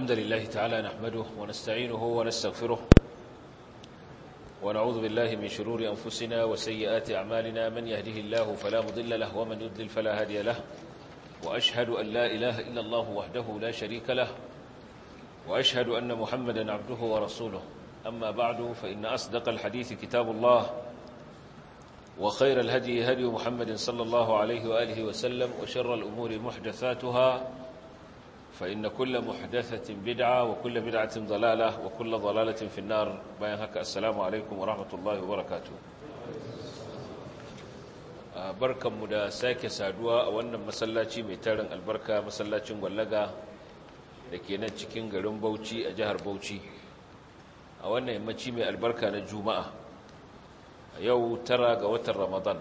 الحمد لله تعالى نحمده ونستعينه ونستغفره ونعوذ بالله من شرور أنفسنا وسيئات أعمالنا من يهده الله فلا مضل له ومن يضلل فلا هادي له وأشهد أن لا إله إلا الله وحده لا شريك له وأشهد أن محمدا عبده ورسوله أما بعد فإن أصدق الحديث كتاب الله وخير الهدي هدي محمد صلى الله عليه وآله وسلم وشر الأمور محدثاتها فإن كل محدثة بدعة وكل بدعة ضلالة وكل ضلالة في النار بيانك السلام عليكم ورحمة الله وبركاته بركة مدى ساكي سادوا وانا مسلاتي ميتارن البركة مسلاتي مغلقة لكي ننشكين غرم بوشي أجهر بوشي وانا يمتي مي البركة نجوماء يو ترى قوة رمضان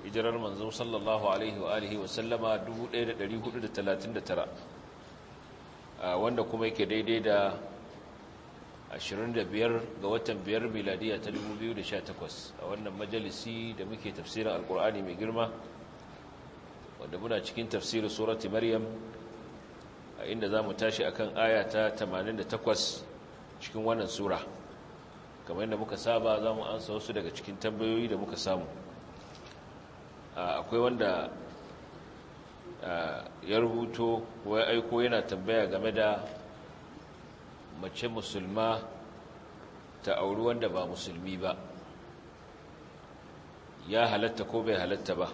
hijirar manzo sallallahu alaihi wa alihi wa sallama 1439 wanda kuma yake daidai da 25 ga watan 5 miladiya ta 2018 a wannan majalisi da muke tafsirin alkur'ani mai girma wanda muna cikin tafsirin surati maryam a inda za mu tashi akan aya ta 88 cikin wannan sura kamar yadda muka saba za mu ansa wasu daga cikin tambayoyi da muka samu akwai wanda ya rubuto ya aiko yana tambaya game da mace musulma ta auri wanda ba musulmi ba ya halatta ko bai halatta ba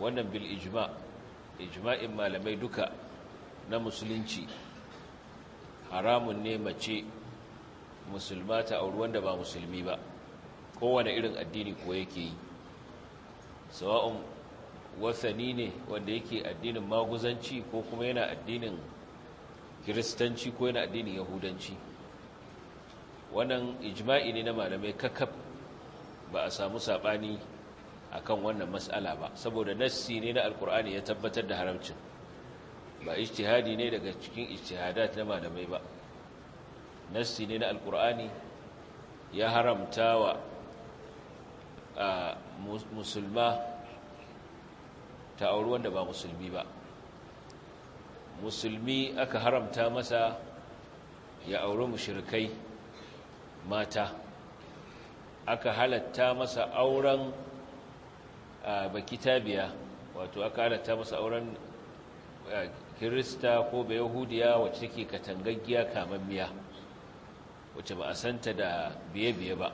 wannan bil ijma ijma'in malamai duka na musulunci haramun ne mace musulma ta auri wanda ba musulmi ba kowane irin addini ko yake yi sawa'un wasani ne wanda yake addinin maguzanci ko kuma yana addinin kiristanci ko yana addinin yahudanci wannan ijma'i ne na malamai kakaf ba a samu saɓani a kan wannan matsala ba saboda nassi ne na alkur'ani ya tabbatar da haramcin ba ijtihadi ne daga cikin ijtihadat na malamai ba nassi ne na alkur'ani ya haramta wa musulma ta auri wanda ba musulmi ba musulmi aka haramta masa ya auri mushirkai mata aka halatta masa auren bakitabiya wato aka halatta masa auren kirista ko bai yahudiya wacce take katangaggiya kamammiya wacce ba a santa da biye-biye ba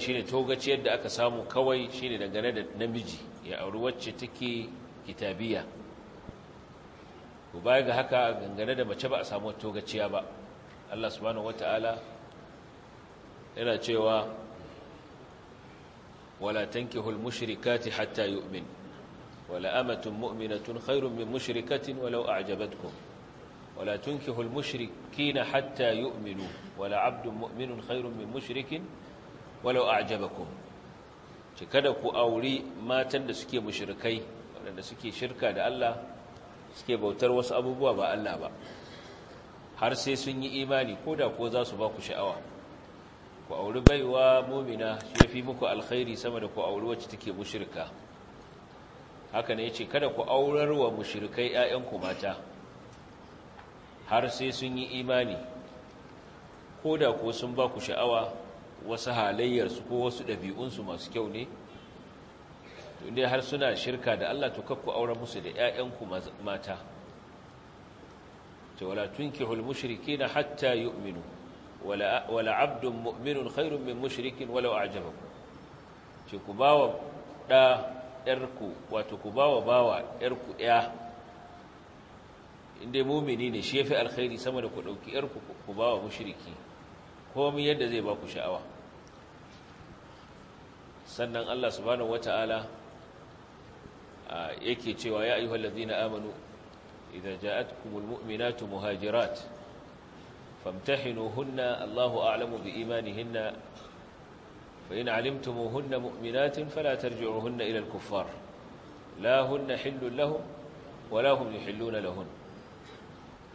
shi ne togaciyar da aka samu kawai shi ne dangane da namiji ya auri wacce take kitabiya ko baya ga haka gangane da mace ba a samu togaciya ba Allah subhanahu wataala yana cewa wala tankihul mushrikati hatta yu'min wala amatun mu'minatun khairun min mushrikatin walau a'jabatkum wala تنكحوا المشركين حتى يؤمنوا ولا عبد مؤمن خير من مشرك ولو أعجبكم ce kada ku auri matan da suke mushrikai waɗanda suke shirka da Allah suke bautar wasu abubuwa ba Allah ba har sai sun yi imani ko da ko za su ba ku sha'awa ku auri baiwa mumina ya fi muku alkhairi sama da ku auri wacce take mushrika haka ne yace kada ku aurar wa mushrikai ‘ya’yanku mata har sai sun yi imani ko da ko sun ba ku sha'awa wasu halayyarsu ko wasu ɗabi'unsu masu kyau ne ne har suna shirka da Allah to kakku aure musu da ‘ya'yanku mata ta wala tunkihul mushriki na hatta yu'minu wala abdun mu'minun khairun min mushrikin walau ajabaku ce ku ba wa ɗa ‘yarku wato ku ba wa bawa ‘yarku ɗaya inda mumini ne shi ya fi alkhairi sama da ku ɗauki ‘yarku ku ba wa mushriki komai yadda zai ba ku sha'awa sannan Allah subhanahu wata'ala yake cewa ya ayyuhal ladzina amanu idza ja'atkumul mu'minatu muhajirat famtahinuhunna Allahu a'lamu biimanihinna fa in 'alimtumuhunna mu'minatin fala tarji'uhunna ila al-kuffar la hunna hillun lahum wa la hum yuhilluna lahun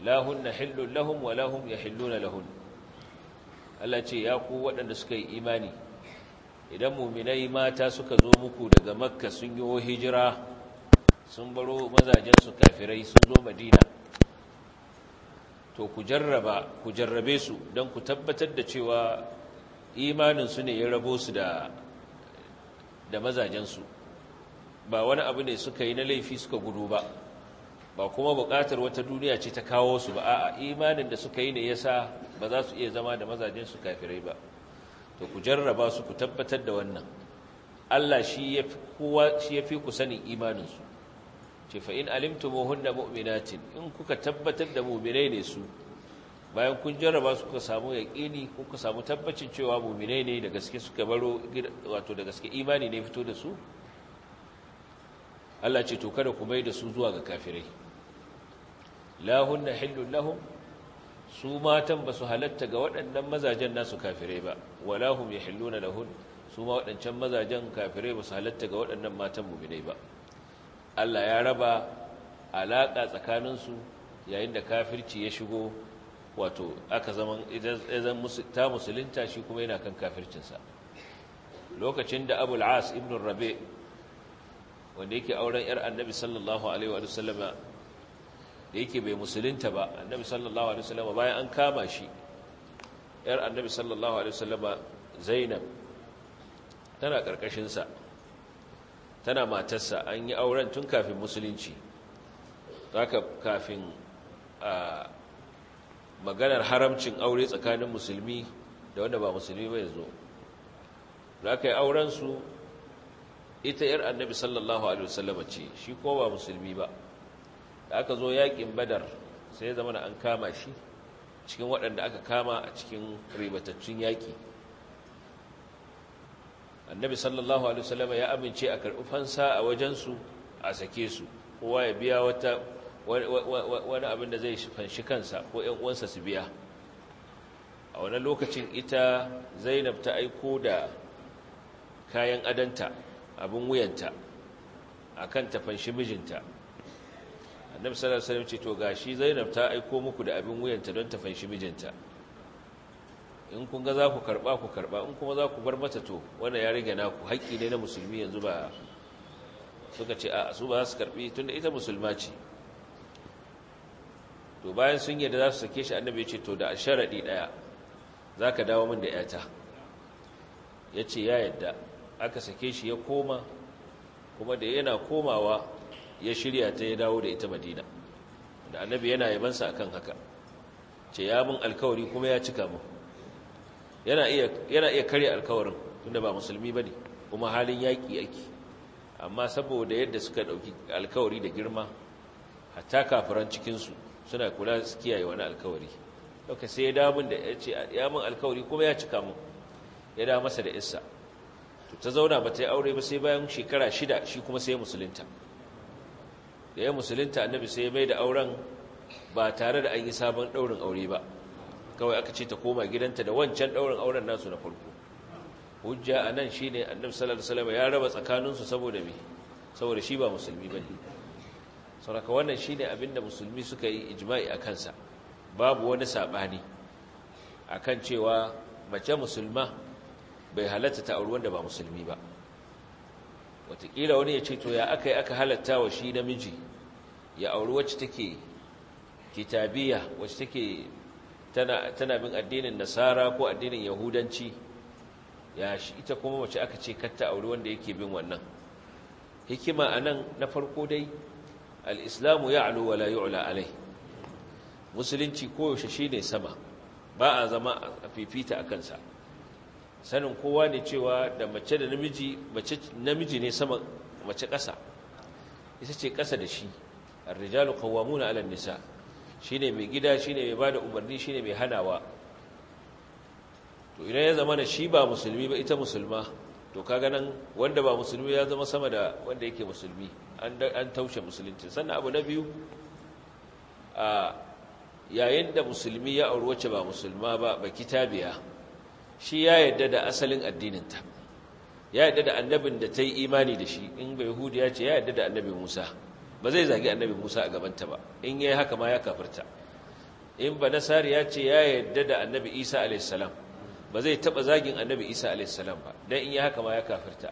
la hunna hillun lahum wa la hum yahilluna lahun Allah ce ya ku waɗanda suka yi imani idan muminai mata suka zo muku daga makka sun yi hijira sun baro mazajensu kafirai sun zo madina to ku jarraba ku jarrabe su don ku tabbatar da cewa imaninsu ne ya rabo su da da mazajensu ba wani abu ne suka yi na laifi suka gudu ba ba kuma buƙatar wata duniya ce ta kawo su ba a'a imanin da suka yi ne ya sa. ba za su iya zama da mazajen su kafirai ba to ku jarraba su ku tabbatar da wannan Allah shi ya fi kowa shi ya fi ku sanin imaninsu ce fa in alimtumuhunna mu'minatin in kuka tabbatar da mu'minai ne su bayan kun jarraba su kuka samu yaqini kuka samu tabbacin cewa mu'minai ne da gaske suka baro wato da gaske imani ne fito da su Allah ce to kada ku mai da su zuwa ga kafirai la hunna hillun lahum su matan ba su halatta ga waɗannan mazajen nasu kafirai ba wala hum yahilluna lahun su ma waɗancan mazajen kafirai ba su halatta ga waɗannan matan mu'minai ba Allah ya raba alaƙa tsakaninsu yayin da kafirci ya shigo wato aka zaman idan ta musulunta shi kuma yana kan kafircinsa lokacin da abul as ibn rabi wanda yake auren yar annabi sallallahu alaihi wa sallama da yake bai musulunta ba annabi sallallahu alaihi wasallama bayan an kama shi yar annabi sallallahu alaihi wasallama zainab tana karkashinsa tana matarsa an yi auren tun kafin musulunci haka kafin maganar haramcin aure tsakanin musulmi da wanda ba musulmi bai zo za ka yi aurensu ita yar annabi sallallahu alaihi wasallama ce shi ko ba musulmi ba da aka zo yakin badar sai zama da an kama shi cikin waɗanda aka kama a cikin ribatattun yaƙi annabi sallallahu alaihi wasallam ya amince a karɓi fansa a wajensu a sake su kowa ya biya wata wani abin da zai fanshi kansa ko ‘yan uwansa su biya a wani lokacin ita zainab ta aiko da kayan adanta abin wuyanta a kan ta fanshi mijinta annabi sallallahu alaihi wasallam ce to gashi zainab ta aiko muku da abin wuyanta don ta fanshi mijinta in kun ga za ku karba ku karba in kuma za ku bar mata to wannan ya rage naku haƙƙi ne na musulmi yanzu ba suka ce a su ba za su karbi tunda ita musulma ce to bayan sun yarda za su sake shi annabi ya ce to da sharadi ɗaya, za ka dawo min da yata ya ce ya yadda aka sake shi ya koma kuma da yana komawa ya shirya ta ya dawo da ita madina da annabi yana yabansa akan haka ce ya mun alkawari kuma ya cika mu yana iya karya iya kare alkawarin tunda ba musulmi bane kuma halin yaki yake amma saboda yadda suka ɗauki alkawari da girma hatta kafiran cikin suna kula su kiyaye wani alkawari dauka sai ya dawo da ya ce ya mun alkawari kuma ya cika mu ya dawo masa da issa ta zauna ba ta yi aure ba sai bayan shekara shida shi kuma sai musulunta da ya musulunta annabi sai mai da auren ba tare da an yi sabon ɗaurin aure ba kawai aka ce ta koma gidanta da wancan ɗaurin auren nasu na farko hujja a nan shi ne annabi sallallahu alaihi ya raba tsakaninsu saboda me saboda shi ba musulmi ba ne sauraka wannan shi ne abinda musulmi suka yi ijma'i a kansa babu wani saɓani a kan cewa mace musulma bai halatta ta auri wanda ba musulmi ba wataƙila wani ya ce to ya aka yi aka halatta wa shi namiji ya auri wacce take kitabiya wacce take tana bin addinin nasara ko addinin yahudanci ya shi ita kuma wacce aka ce katta auri wanda yake bin wannan hikima a nan na farko dai al'islamu ya alu wa la alai musulunci koyaushe shi ne sama ba a zama a fifita a kansa sanin kowa ne cewa da mace da namiji mace namiji ne sama mace ƙasa Isa ce ƙasa da shi arrijalu rijalu qawwamuna 'ala an-nisa shine mai gida shine mai bada umarni shine mai hanawa to idan ya zama na shi ba musulmi ba ita musulma to kaga nan wanda ba musulmi ya zama sama da wanda yake musulmi an taushe musulunci sannan abu na biyu a yayin da musulmi ya auri wacce ba musulma ba ba kitabiya shi ya yadda da asalin addininta ya yadda da annabin da ta yi imani da shi in bai ya ce ya yadda da annabin musa ba zai zagi annabin musa a gabanta ba in ya yi haka ma ya kafirta in ba nasari ya ce ya yadda da annabi isa a.s. ba zai taɓa zagin annabi isa a.s. ba don in ya haka ma ya kafirta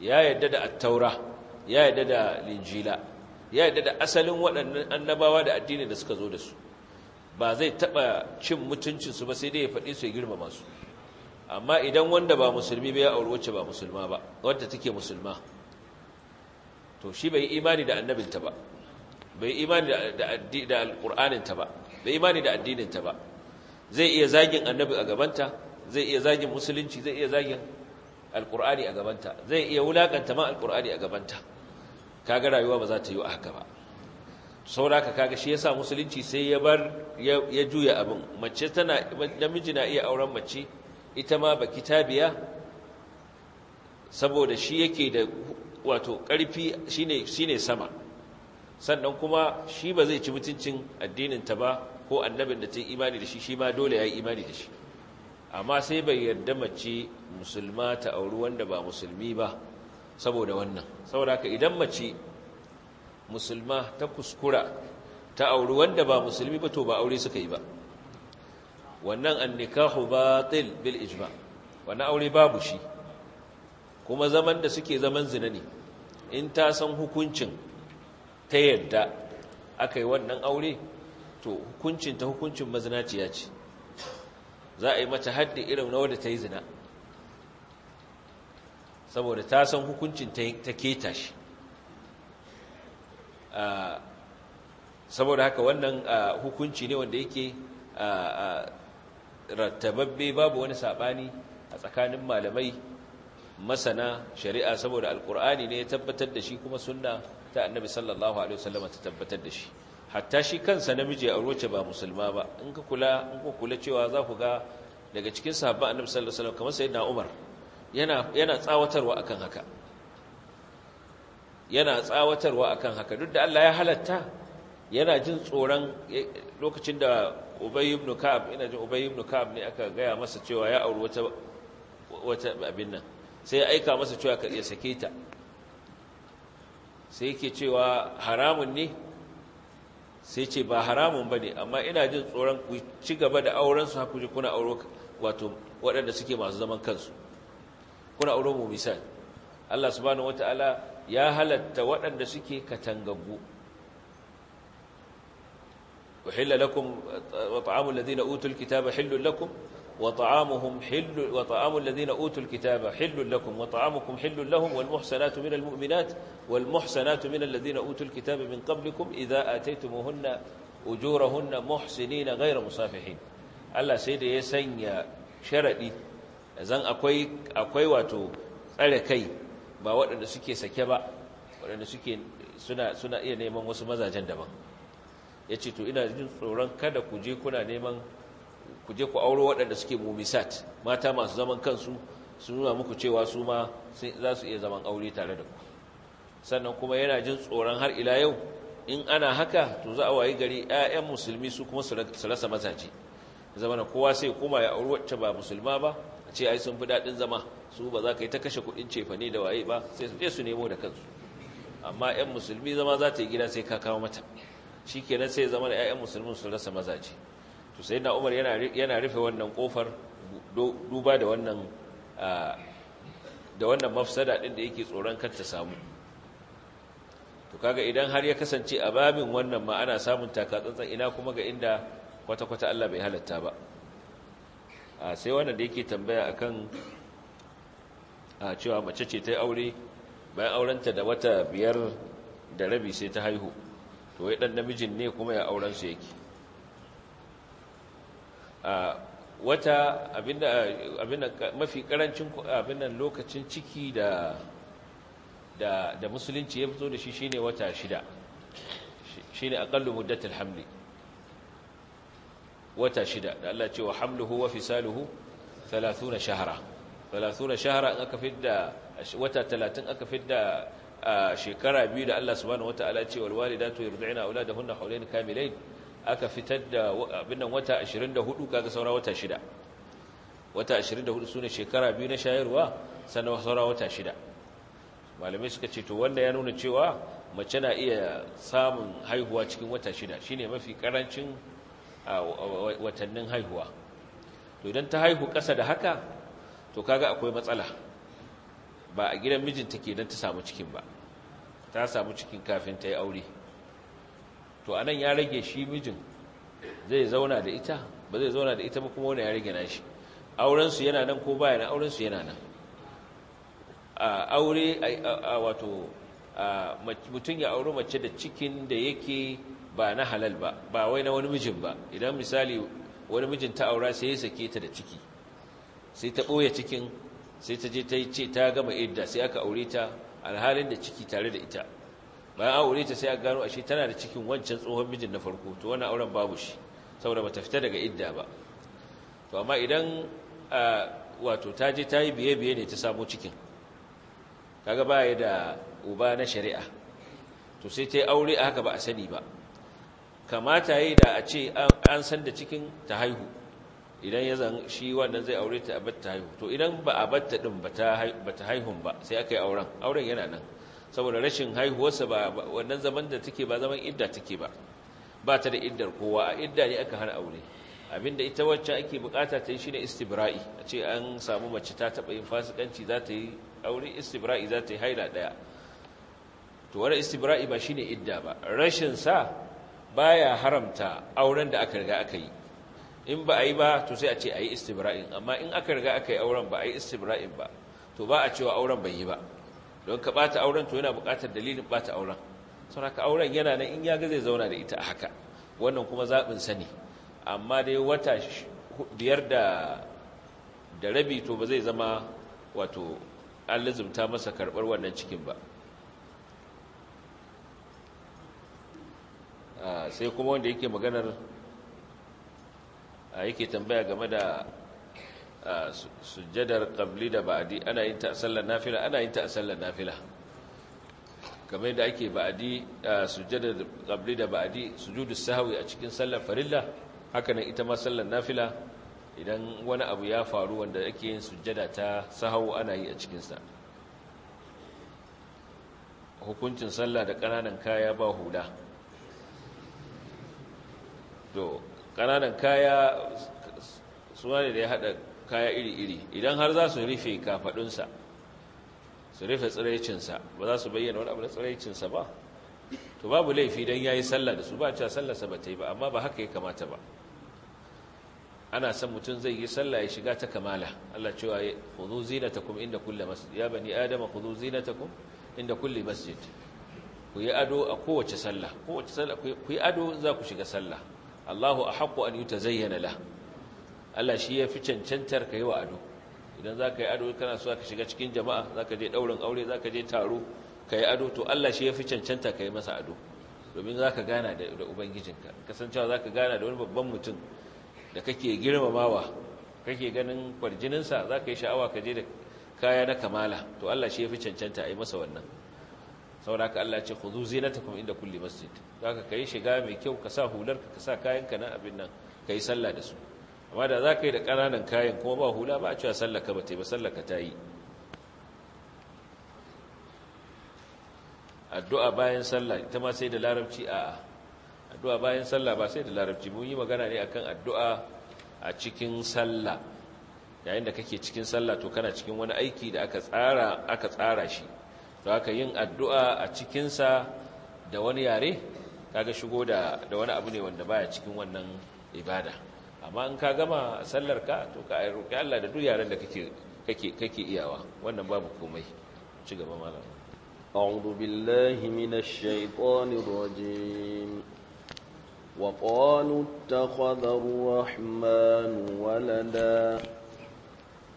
ya yadda da attaura ya yadda da linjila ya yadda da asalin waɗannan annabawa da addinin da suka zo da su ba zai taɓa cin mutuncinsu ba sai dai ya faɗi su ya girmama su amma idan wanda ba musulmi ba ya auri wacce ba musulma ba wadda take musulma to shi bai imani da annabinta ba bai imani da ta ba bai imani da addininta ba zai iya zagin annabi a gabanta zai iya zagin musulunci zai iya zagin alƙur'ani a gabanta zai iya wulaƙanta ma alƙur'ani a gabanta kaga rayuwa ba za ta yi haka ba sauraka kaga shi yasa musulunci sai ya bar ya juya abin mace tana namiji na iya auren mace ita ma ba kitabiya saboda shi yake da wato ƙarfi shine sama sannan kuma shi ba zai ci mutuncin addinin ta ba ko annabin da ta yi imani da shi shi ma dole ya yi imani da shi amma sai bai yarda mace musulma ta auri wanda ba musulmi ba saboda wannan saboda haka idan mace musulma ta kuskura ta auri wanda ba musulmi ba to ba aure suka yi ba wannan annikahu batil bil ijma wannan aure babu shi kuma zaman da suke zaman zina ne in ta san hukuncin ta yadda aka yi wannan aure to hukuncin ta hukuncin mazinaciya ce za a yi mata haddi irin na wadda ta yi zina saboda ta san hukuncin ta keta shi saboda haka wannan hukunci ne wanda yake rattababbe babu wani saɓani a tsakanin malamai masana shari'a saboda alkur'ani ne ya tabbatar da shi kuma sunna ta annabi sallallahu alaihi wasallama ta tabbatar da shi hatta shi kansa namiji a roce ba musulma ba in ka kula in ka kula cewa za ku ga daga cikin sahabban annabi sallallahu alaihi wasallam kamar sayyidina Umar yana yana tsawatarwa akan haka yana tsawatarwa akan haka duk da Allah ya halatta yana jin tsoron eh, lokacin da Ubayi ibn Ka'ab ina jin Ubayi ibn Ka'ab ne aka gaya masa cewa ya auri wata wata abin nan sai ya aika masa cewa ka iya sake ta sai yake cewa haramun ne sai ce ba haramun bane amma ina jin tsoron ku ci gaba da auren su haku kuna auro wato waɗanda suke masu zaman kansu kuna auro mu misali Allah subhanahu wataala ya halatta waɗanda suke katangaggu uhilla lakum wa ta'amul ladina utul kitaba hillul lakum wa ta'amuhum ladina utul kitaba hillul lakum wa ta'amukum hillul lahum wal muhsanatu minal mu'minat wal muhsanatu minal ladina utul kitaba min qablikum idza ataytumuhunna ujurahunna muhsinina ghayra musafihin Allah sai da ya sanya sharaɗi zan akwai akwai wato tsare kai ba waɗanda suke sake ba waɗanda suke suna suna iya neman wasu mazajen daban ya ce to ina jin tsoron kada ku je kuna neman ku je ku auro waɗanda suke mumisat mata masu zaman kansu su nuna muku cewa su ma za su iya zaman aure tare da ku sannan kuma yana jin tsoron har ila yau in ana haka to za a wayi gari 'ya'yan musulmi su kuma su rasa mazaje zama na kowa sai kuma ya auri wacce ba musulma ba a ce ai sun fi daɗin zama su ba za ka yi ta kashe kuɗin cefane da waye ba sai su su nemo da kansu amma 'yan musulmi zama za ta yi gida sai ka kawo mata shi kenan sai zama da 'ya'yan musulmin su rasa mazaje to sai na umar yana rufe wannan kofar duba da wannan mafsada ɗin da yake tsoron kar ta samu to kaga idan har ya kasance a babin wannan ma ana samun takatsantsan ina kuma ga inda kwata-kwata Allah bai halatta ba sai wannan da yake tambaya akan kan cewa mace ce ta yi aure bayan aurenta da wata biyar da rabi sai ta haihu to wai dan namijin ne kuma ya auren su yake a wata abinda abinda mafi karancin abinda lokacin ciki da da da musulunci ya fito da shi shine wata shida shine aqallu muddatul hamli wata shida da Allah ce wa hamluhu wa fisaluhu 30 shahra 30 shahra aka fidda wata 30 aka fidda shekara biyu da Allah subhanahu wata'ala ce wal walidatu yurdi'na auladahunna hawlayn kamilayn aka fitar da abin nan wata 24 kaga saura wata shida wata 24 sune shekara biyu na shayarwa sannan saura wata shida malamai suka ce to wanda ya nuna cewa mace na iya samun haihuwa cikin wata shida shine mafi karancin watannin haihuwa to idan ta haihu ƙasa da haka to kaga akwai matsala ba a gidan mijinta don ta samu cikin ba ta samu cikin kafin ta yi aure to anan ya rage shi mijin zai zauna da ita ba zai zauna da ita ba kuma wani ya rage nashi aurensu yana nan ko baya aurensu yana nan aure wato mutum ya auri mace da cikin da yake ba na halal ba ba wai na wani mijin ba idan misali wani mijin ta aura sai ya sake ta da ciki sai ta ɓoye cikin sai ta je ta yi ce ta gama idda sai aka aure ta alhalin da ciki tare da ita bayan an aure ta sai aka gano ashe tana da cikin wancan tsohon mijin na farko to wannan auren babu shi saboda bata fita daga idda ba to amma idan wato ta je ta yi biye-biye ne ta samu cikin kaga ba ya da uba na shari'a to sai ta yi aure a haka ba a sani ba kamata yi da a ce an san da cikin ta haihu idan ya zan shi wannan zai aure ta a batta haihu to idan ba a batta din ba ta haihun ba sai aka yi auren auren yana nan saboda rashin haihuwarsa ba wannan zaman da take ba zaman idda take ba ba ta da iddar kowa a idda ne aka hana aure abinda ita wacce ake bukata ta yi shine istibra'i a ce an samu mace ta taba yin fasikanci za ta yi aure istibra'i za ta yi haila daya to wani istibra'i ba shine idda ba rashin sa baya haramta auren da aka riga aka yi in ba a yi ba to sai a ce a yi istibra'in amma in aka riga aka yi auren ba a yi istibra'in ba to ba a cewa auren bai yi ba don ka ɓata auren to yana buƙatar dalilin ɓata auren sau haka auren yana nan in ya ga zai zauna da ita a haka wannan kuma zaɓin sani amma dai wata biyar da rabi to ba zai zama wato an lizimta masa karɓar wannan cikin ba ah, sai kuma wanda yake maganar yake tambaya game da sujjadar qabli da ba'di ana yin ta sallar nafila ana yin ta sallar nafila game da ake ba'di sujjadar qabli da ba'di sujudus sahwi a cikin sallar farilla haka nan ita ma sallar nafila idan wani abu ya faru wanda ake yin sujjada ta sahwu ana yi a cikin sa hukuncin sallah da ƙananan kaya ba hula to kananan kaya suna ne da ya haɗa kaya iri-iri idan har za su rufe kafaɗunsa su rufe tsiraicinsa ba za su bayyana wani abu na tsiraicinsa ba to babu laifi don ya yi sallah da su ba cewa sallarsa ba ta yi ba amma ba haka ya kamata ba ana son mutum zai yi sallah ya shiga ta kamala Allah cewa zinata kuma inda kulle masjid ya bani adama zinata kuma inda kulle masjid ku yi ado a kowace sallah ku yi ado za ku shiga sallah Allahu haƙo an zayyana la Allah shi ya fi cancantar yi wa ado idan za ka yi ado kana suwa ka shiga cikin jama'a za ka je daurin aure za ka je taro ka yi ado to Allah shi ya fi cancanta yi masa ado domin za ka gana da ubangijinka kasancewa za ka gana da wani babban mutum da kake girmamawa kake ganin kwarjininsa za ka yi sha'awa ka je da kaya na kamala to Allah shi ya fi cancanta yi masa wannan saboda ka Allah ce khudhu zinatakum inda kulli masjid zaka kai shiga mai kyau ka sa hularka ka sa ka na abin nan kai sallah da su amma da zaka yi da kananan kayan kuma ba hula ba a cewa sallah ka ba ta yi ba sallah ka ta yi addu'a bayan sallah ita ma sai da larabci a'a addu'a bayan sallah ba sai da larabci mun yi magana ne akan addu'a a cikin sallah yayin da kake cikin sallah to kana cikin wani aiki da aka tsara aka tsara shi to ka yin addu'a a cikinsa da wani yare kaga shigo da wani abu ne wanda baya cikin wannan ibada amma in ka gama sallar ka to ka roƙi Allah da duk yaren da kake kake kake iyawa wannan babu komai ci gaba malam أعوذ بالله من الشيطان الرجيم وقالوا اتخذ الرحمن walada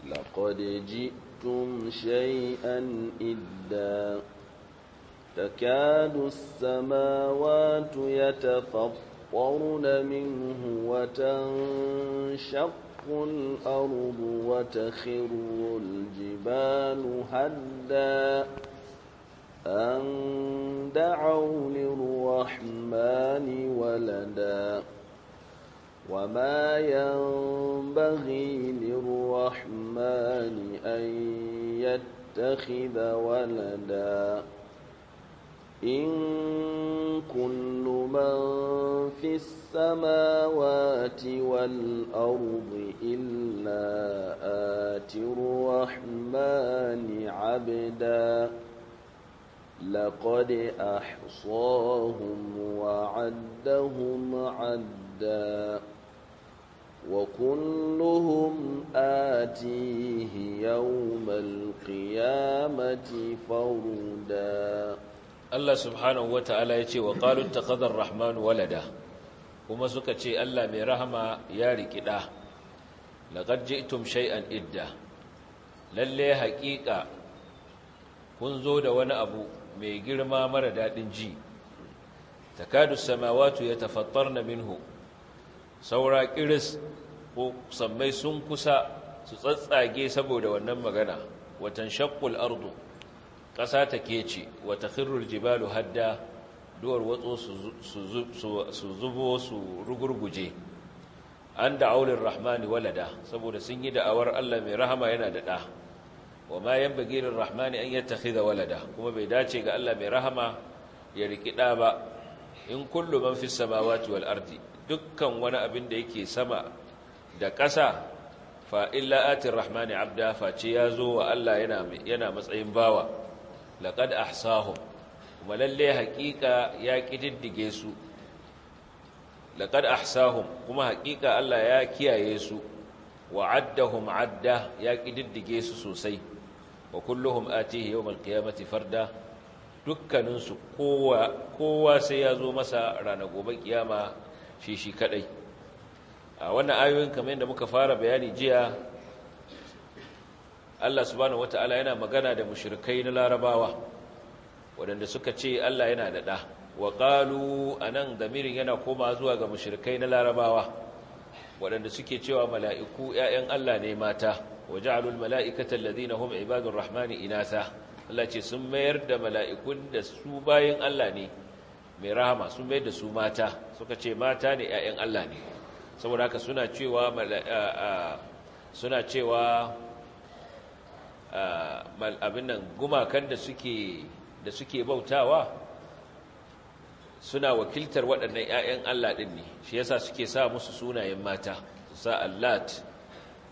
laqad جئت شئتم شيئا إِلَّا تكاد السماوات يتفطرن منه وتنشق الأرض وتخر الجبال هدا أن دعوا للرحمن ولداً وما ينبغي للرحمن أن يتخذ ولدا إن كل من في السماوات والأرض إلا آتي الرحمن عبدا لقد أحصاهم وعدهم عدا وكلهم آتيه يوم القيامة فردا الله سبحانه وتعالى يتي وقالوا اتخذ الرحمن ولدا كما سكتي الله من رحمة يارك له لقد جئتم شيئا إدا للي حقيقة كنزو دون أبو ميقر ما مرد دنجي تكاد السماوات يتفطرن منه saura ƙiris ko sammai sun kusa su tsatsage saboda wannan magana watan Shakul, ardu ƙasa ta kece wata khirrul jibalu hadda duwar watso su zubo su rugurguje an da aulin rahmani walada saboda sun yi da'awar Allah mai rahama yana da ɗa wa ma yan bagirin rahmani an da walada kuma bai dace ga Allah mai rahama ya riki ɗa ba in kullu man fis samawati wal ardi dukkan wani abin da yake sama da ƙasa fa illa atir rahmani abda fa ce yazo wa Allah yana yana matsayin bawa laqad ahsahum kuma lalle haƙiƙa ya kididdige su laqad ahsahum kuma haƙiƙa Allah ya kiyaye su wa adda ya kididdige su sosai wa kulluhum atihi yawm al-qiyamati farda dukkaninsu kowa sai ya zo masa rana gobe kiyama shi shi kadai a wannan ayoyin kamar yadda muka fara bayani jiya Allah subhanahu wata'ala yana magana da mushrikai na larabawa waɗanda suka ce Allah yana daɗa. ɗa wa ƙalu a nan damirin yana koma zuwa ga mushrikai na larabawa waɗanda suke cewa mala'iku ‘ya'yan Allah ne mata wa ja'alul mala'ikatan lazina hum ibadun rahmani inasa Allah ce sun mayar da mala'ikun da su bayan Allah ne mai rahama sun mayar da su mata suka ce mata ne ‘ya'yan Allah ne saboda haka suna cewa abin nan gumakan da suke bautawa suna wakiltar waɗannan ‘ya'yan Allah ɗin ne shi yasa suke sa musu sunayen mata su sa allat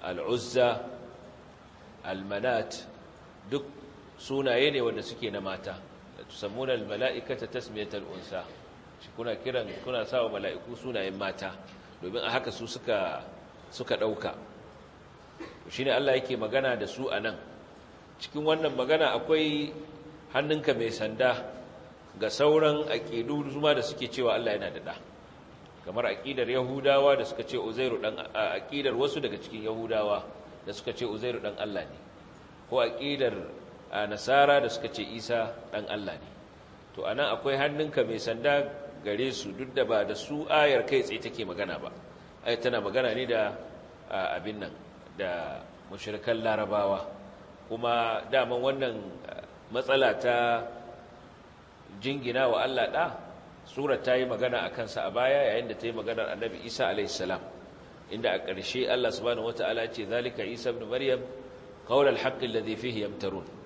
al'uzza almanat duk sunaye ne wanda suke na mata tusammuna mala'ikata tasmiyatar unsa shi kuna kiran kuna sawa mala'iku sunayen mata domin a haka su suka ɗauka. shi ne Allah yake magana da su a nan cikin wannan magana akwai hannunka mai sanda ga sauran aƙidu zuma da suke cewa Allah yana da kamar aqidar yahudawa da suka ce uzairu wasu daga cikin yahudawa da suka ce uzairu ɗan Allah ne ko ƙidar. A nasara da suka ce isa ɗan Allah ne to anan akwai hannunka mai sanda gare su duk da ba da su ayar kai tsaye take magana ba ai tana magana ne da abin nan da mushrikan larabawa kuma daman wannan matsala ta jingina wa Allah ɗa sura ta yi magana a kansa a baya yayin da ta yi maganar annabi isa alaihissalam inda a ƙarshe Allah subhanahu wata'ala ce zalika isa ibn maryam qawl al-haqqi alladhi fihi yamtarun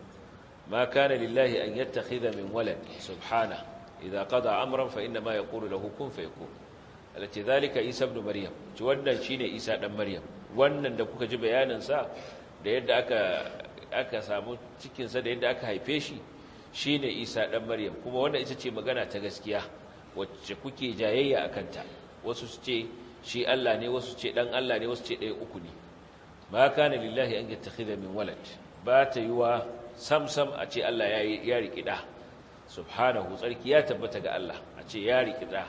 ma kana lillahi an yattakhidha min walad subhana idza qada amran na inna ma yaqulu lahu kun fayakun alati zalika isa ibn maryam ci wannan shine isa dan maryam wannan da kuka ji bayanin sa da yadda aka aka samu cikin da yadda aka haife shi shine isa dan maryam kuma wannan ita ce magana ta gaskiya wacce kuke jayayya a kanta? wasu su ce shi Allah ne wasu ce dan Allah ne wasu ce ɗaya uku ne lillahi an min walad ba ta yiwa samsam a ce Allah ya rikiɗa. subhanahu tsarki ya tabbata ga Allah a ce ya rikiɗa.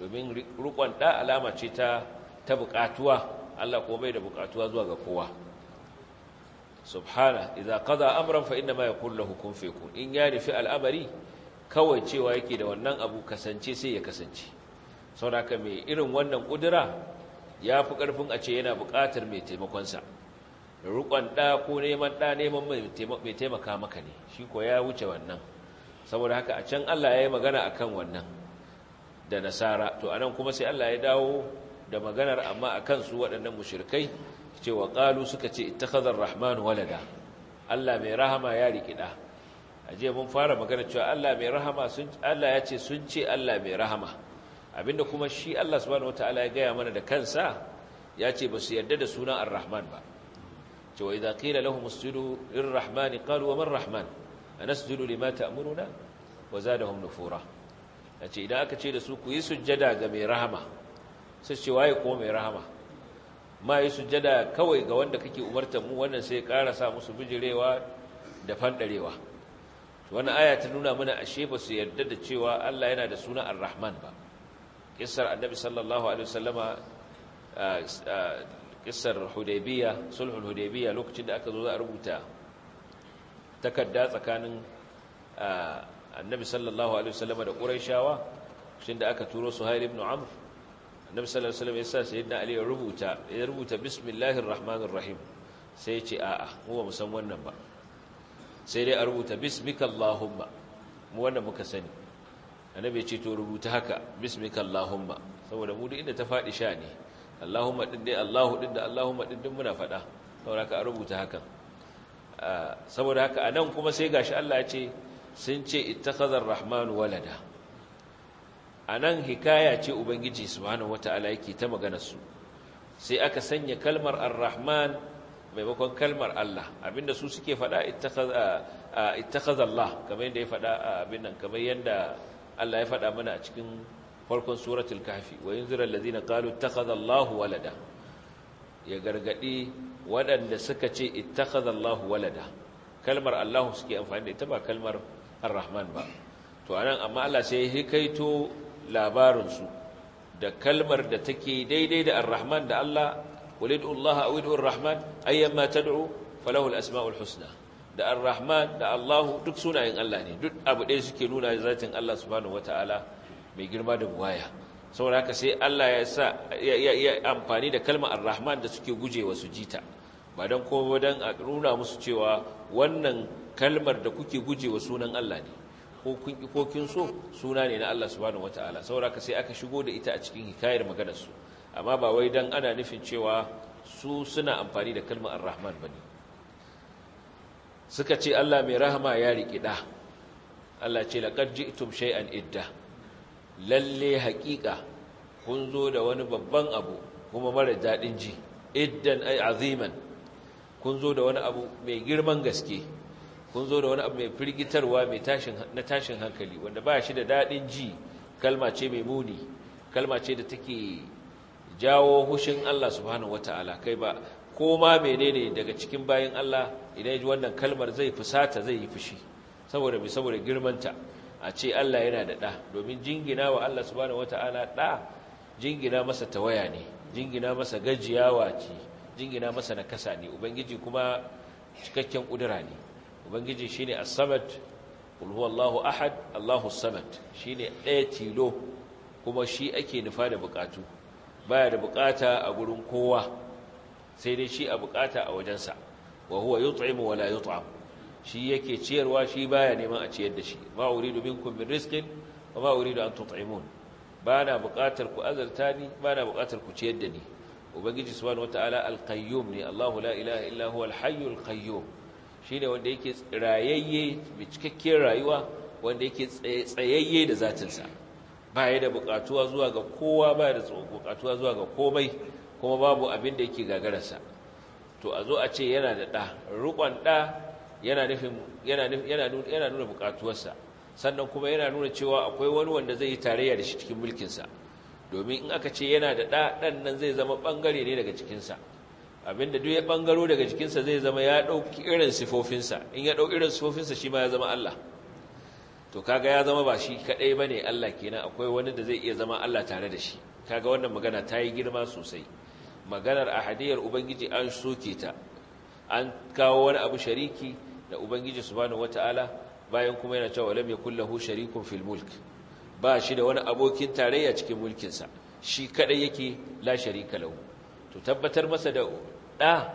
domin rukon da alama ce ta ta bukatuwa Allah ko bai da bukatuwa zuwa ga kowa subhana idza qada amran fa inna ma yaqul lahu kun fayakun in ya nufi al'amari kawai cewa yake da wannan abu kasance sai ya kasance saboda mai irin wannan kudura ya fi karfin a ce yana bukatar mai taimakonsa sa rukon ɗa ko neman ɗa neman mai taimaka maka ne shi ko ya wuce wannan saboda haka a can Allah ya yi magana a kan wannan da nasara to a nan kuma sai Allah ya dawo da maganar amma a kansu waɗannan mushirkai cewa ƙalu suka ce ita ittakhazar rahmanu walada Allah mai rahama ya ɗa a jiya mun fara magana cewa Allah mai rahama sun Allah ya ce sun ce Allah mai rahama abinda kuma shi Allah subhanahu wataala ya gaya mana da kansa ya ce ba su yarda da sunan ar ba ce wa idza qila lahum usjudu lirrahmani qalu wa man rahman anasjudu lima ta'muruna wa zadahum nufura ce idan aka ce da su ku yi sujjada ga mai rahama sai ce waye ko mai rahama ma yi sujjada kawai ga wanda kake umartar mu wannan sai ƙara sa musu bijirewa da fandarewa wannan aya ta nuna mana ashe ba su yarda da cewa Allah yana da suna Ar-Rahman ba kissar annabi sallallahu alaihi wasallama kissar hudaybiya sulhul hudaybiya lokacin da aka zo za a rubuta takarda tsakanin annabi sallallahu alaihi wasallam da quraishawa lokacin da aka turo suhail ibn amr annabi sallallahu alaihi wasallam ya sa sayyidina ali ya rubuta ya rubuta bismillahir rahmanir rahim sai ya ce a'a mu ba mu san wannan ba sai dai a rubuta bismika allahumma mu wannan muka sani annabi ya ce to rubuta haka bismika allahumma saboda mu duk inda ta faɗi sha ne Allahumma din dai Allahu din da Allahumma din din muna faɗa saboda haka a rubuta hakan saboda haka anan kuma sai gashi Allah ya ce sun ce ittakhadha rahman walada anan hikaya ce ubangiji subhanahu wataala yake ta maganar su sai aka sanya kalmar ar-rahman maimakon kalmar Allah abinda su suke faɗa ittakhadha Allah kamar yadda ya faɗa abin nan kamar yadda Allah ya faɗa mana a cikin farkon suratul kafi wa yunzira allazina qalu ittakhadha Allahu walada ya gargadi waɗanda suka ce ittakhadha Allahu walada kalmar Allahu suke amfani da ita ba kalmar Ar-Rahman ba to anan amma Allah sai ya hikaito labarin su da kalmar da take daidai da Ar-Rahman da Allah walidullaha aw idur rahman ayyamma tad'u falahu al-asma'ul husna da Ar-Rahman da Allahu duk sunayen Allah ne duk abu ɗaya suke nuna zatin Allah subhanahu wataala mai girma da waya. saboda haka sai Allah ya sa ya amfani da kalmar ar-rahman da suke gujewa su jita ba dan kuma dan a nuna musu cewa wannan kalmar da kuke gujewa sunan Allah ne ko kun ko kin so suna ne na Allah subhanahu wataala saboda haka sai aka shigo da ita a cikin hikayar maganar su amma ba wai dan ana nufin cewa su suna amfani da kalmar ar-rahman bane suka ce Allah mai rahama ya riƙida Allah ce laqad ji'tum shay'an idda lalle haƙiƙa kun zo da wani babban abu kuma mara daɗin ji iddan ai aziman kun zo da wani abu mai girman gaske kun zo da wani abu mai firgitarwa na tashin hankali wanda ba shi da daɗin ji kalma ce mai muni kalma ce da take jawo hushin Allah subhanahu wata'ala kai ba ko ma menene daga cikin bayan Allah idan ya ji wannan kalmar zai fusata zai yi fushi saboda bi saboda girmanta a ce Allah yana da ɗa domin jingina wa Allah subhanahu wata'ala ɗa jingina masa tawaya ne jingina masa gajiyawa ce jingina masa nakasa ne ubangiji kuma cikakken ƙudura ne ubangiji shi ne samad ulhu allahu ahad allahu samad ne ɗaya tilo kuma shi ake nufa da bukatu baya da buƙata a gurin kowa sai dai shi a buƙata a wajensa wa huwa yut'imu wala yut'am shi yake ciyarwa shi baya neman a ciyar da shi ma uridu minkum min rizqin wa ma uridu an tut'imun bana buƙatar ku azarta ni bana buƙatar ku ciyar da ni ubangiji subhanahu wataala al-qayyum ne Allahu la ilaha illa huwa al-hayyul qayyum shine wanda yake rayayye mai cikakken rayuwa wanda yake tsayayye da zatinsa baya da buƙatuwa zuwa ga kowa baya da buƙatuwa zuwa ga komai kuma babu abin da yake gagararsa to a zo a ce yana da ɗa rukon ɗa yana nufin yana yana nuna bukatuwarsa sannan kuma yana nuna cewa akwai wani wanda zai yi tarayya da shi cikin mulkinsa domin in aka ce yana da ɗaɗan nan zai zama ɓangare ne daga cikinsa abinda duk ya ɓangaro daga cikinsa zai zama ya ɗauki irin sifofinsa in ya ɗauki irin sifofinsa shi ma ya zama Allah to kaga ya zama ba shi kaɗai ba ne Allah kenan akwai wani da zai iya zama Allah tare da shi kaga wannan magana ta yi girma sosai maganar ahadiyar ubangiji an soke ta an kawo wani abu shariki da ubangiji subhanahu wataala bayan kuma yana cewa lam yakul lahu sharikun fil mulk ba shi da wani abokin tarayya cikin mulkin sa shi kadai yake la sharika lahu to tabbatar masa da da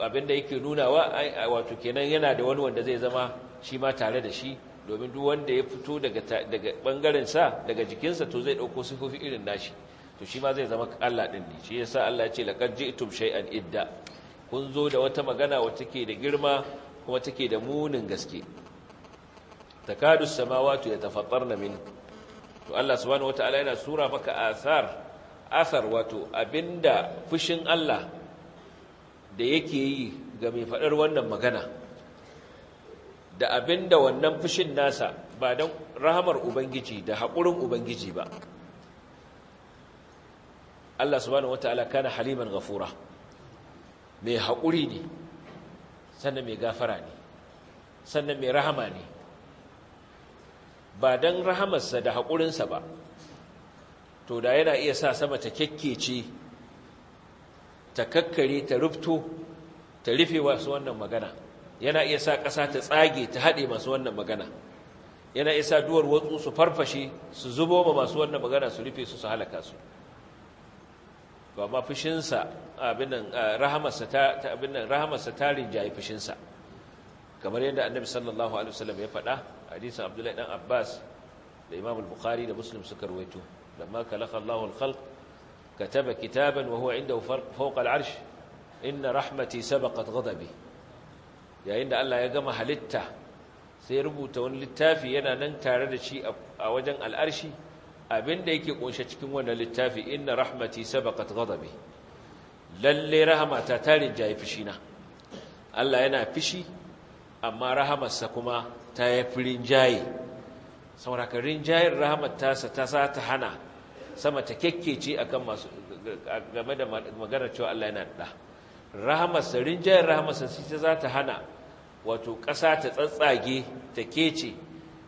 abinda yake nunawa wato kenan yana da wani wanda zai zama shi ma tare da shi domin duk wanda ya fito daga daga bangaren sa daga jikinsa to zai dauko sifofi irin nashi to shi ma zai zama Allah din ne shi yasa Allah ya ce laqad ji'tum shay'an idda kun zo da wata magana wata ke da girma kuma take da munin gaske takadu samawati yatafattarna min to Allah subhanahu wataala yana sura maka asar, asar wato abinda fushin Allah da yake yi ga mai fadar wannan magana da abinda wannan fushin nasa ba dan rahamar ubangiji da hakurin ubangiji ba Allah subhanahu wataala kana haliman ghafura mai haƙuri ne sannan mai gafara ne sannan mai rahama ne ba don rahamarsa da haƙurinsa ba to da yana iya sa sama ta kyakkece ta kakkare ta rufto ta rufe wasu wannan magana yana iya sa ƙasa ta tsage ta haɗe masu wannan magana yana iya sa duwar watsu su farfashe su zubo ma masu wannan magana su rufe su su halaka su to amma fushinsa abinan rahamarsa ta abinan rahamarsa ta rinjaye fushinsa kamar yadda annabi sallallahu alaihi wasallam ya faɗa hadisin abdullahi dan abbas da imam al-bukhari da muslim suka ruwaito lamma khalaqa Allahu al-khalq kataba kitaban wa huwa indahu fawqa al-arsh inna rahmati sabaqat ghadabi yayin da Allah ya gama halitta sai ya rubuta wani littafi yana nan tare da shi a wajen al'arshi abinda yake kunshe cikin wannan littafi inna rahmati sabaqat ghadabi lalle Rahama ta rinjaye na. Allah yana fishi amma rahamarsa kuma ta yafi rinjaye sauraka rinjayen rahamar sa ta sa ta hana sama ta kekkece akan masu game da maganar cewa Allah yana da rahamarsa rinjayen rahamarsa sai ta za ta hana wato ƙasa ta tsatsage ta kece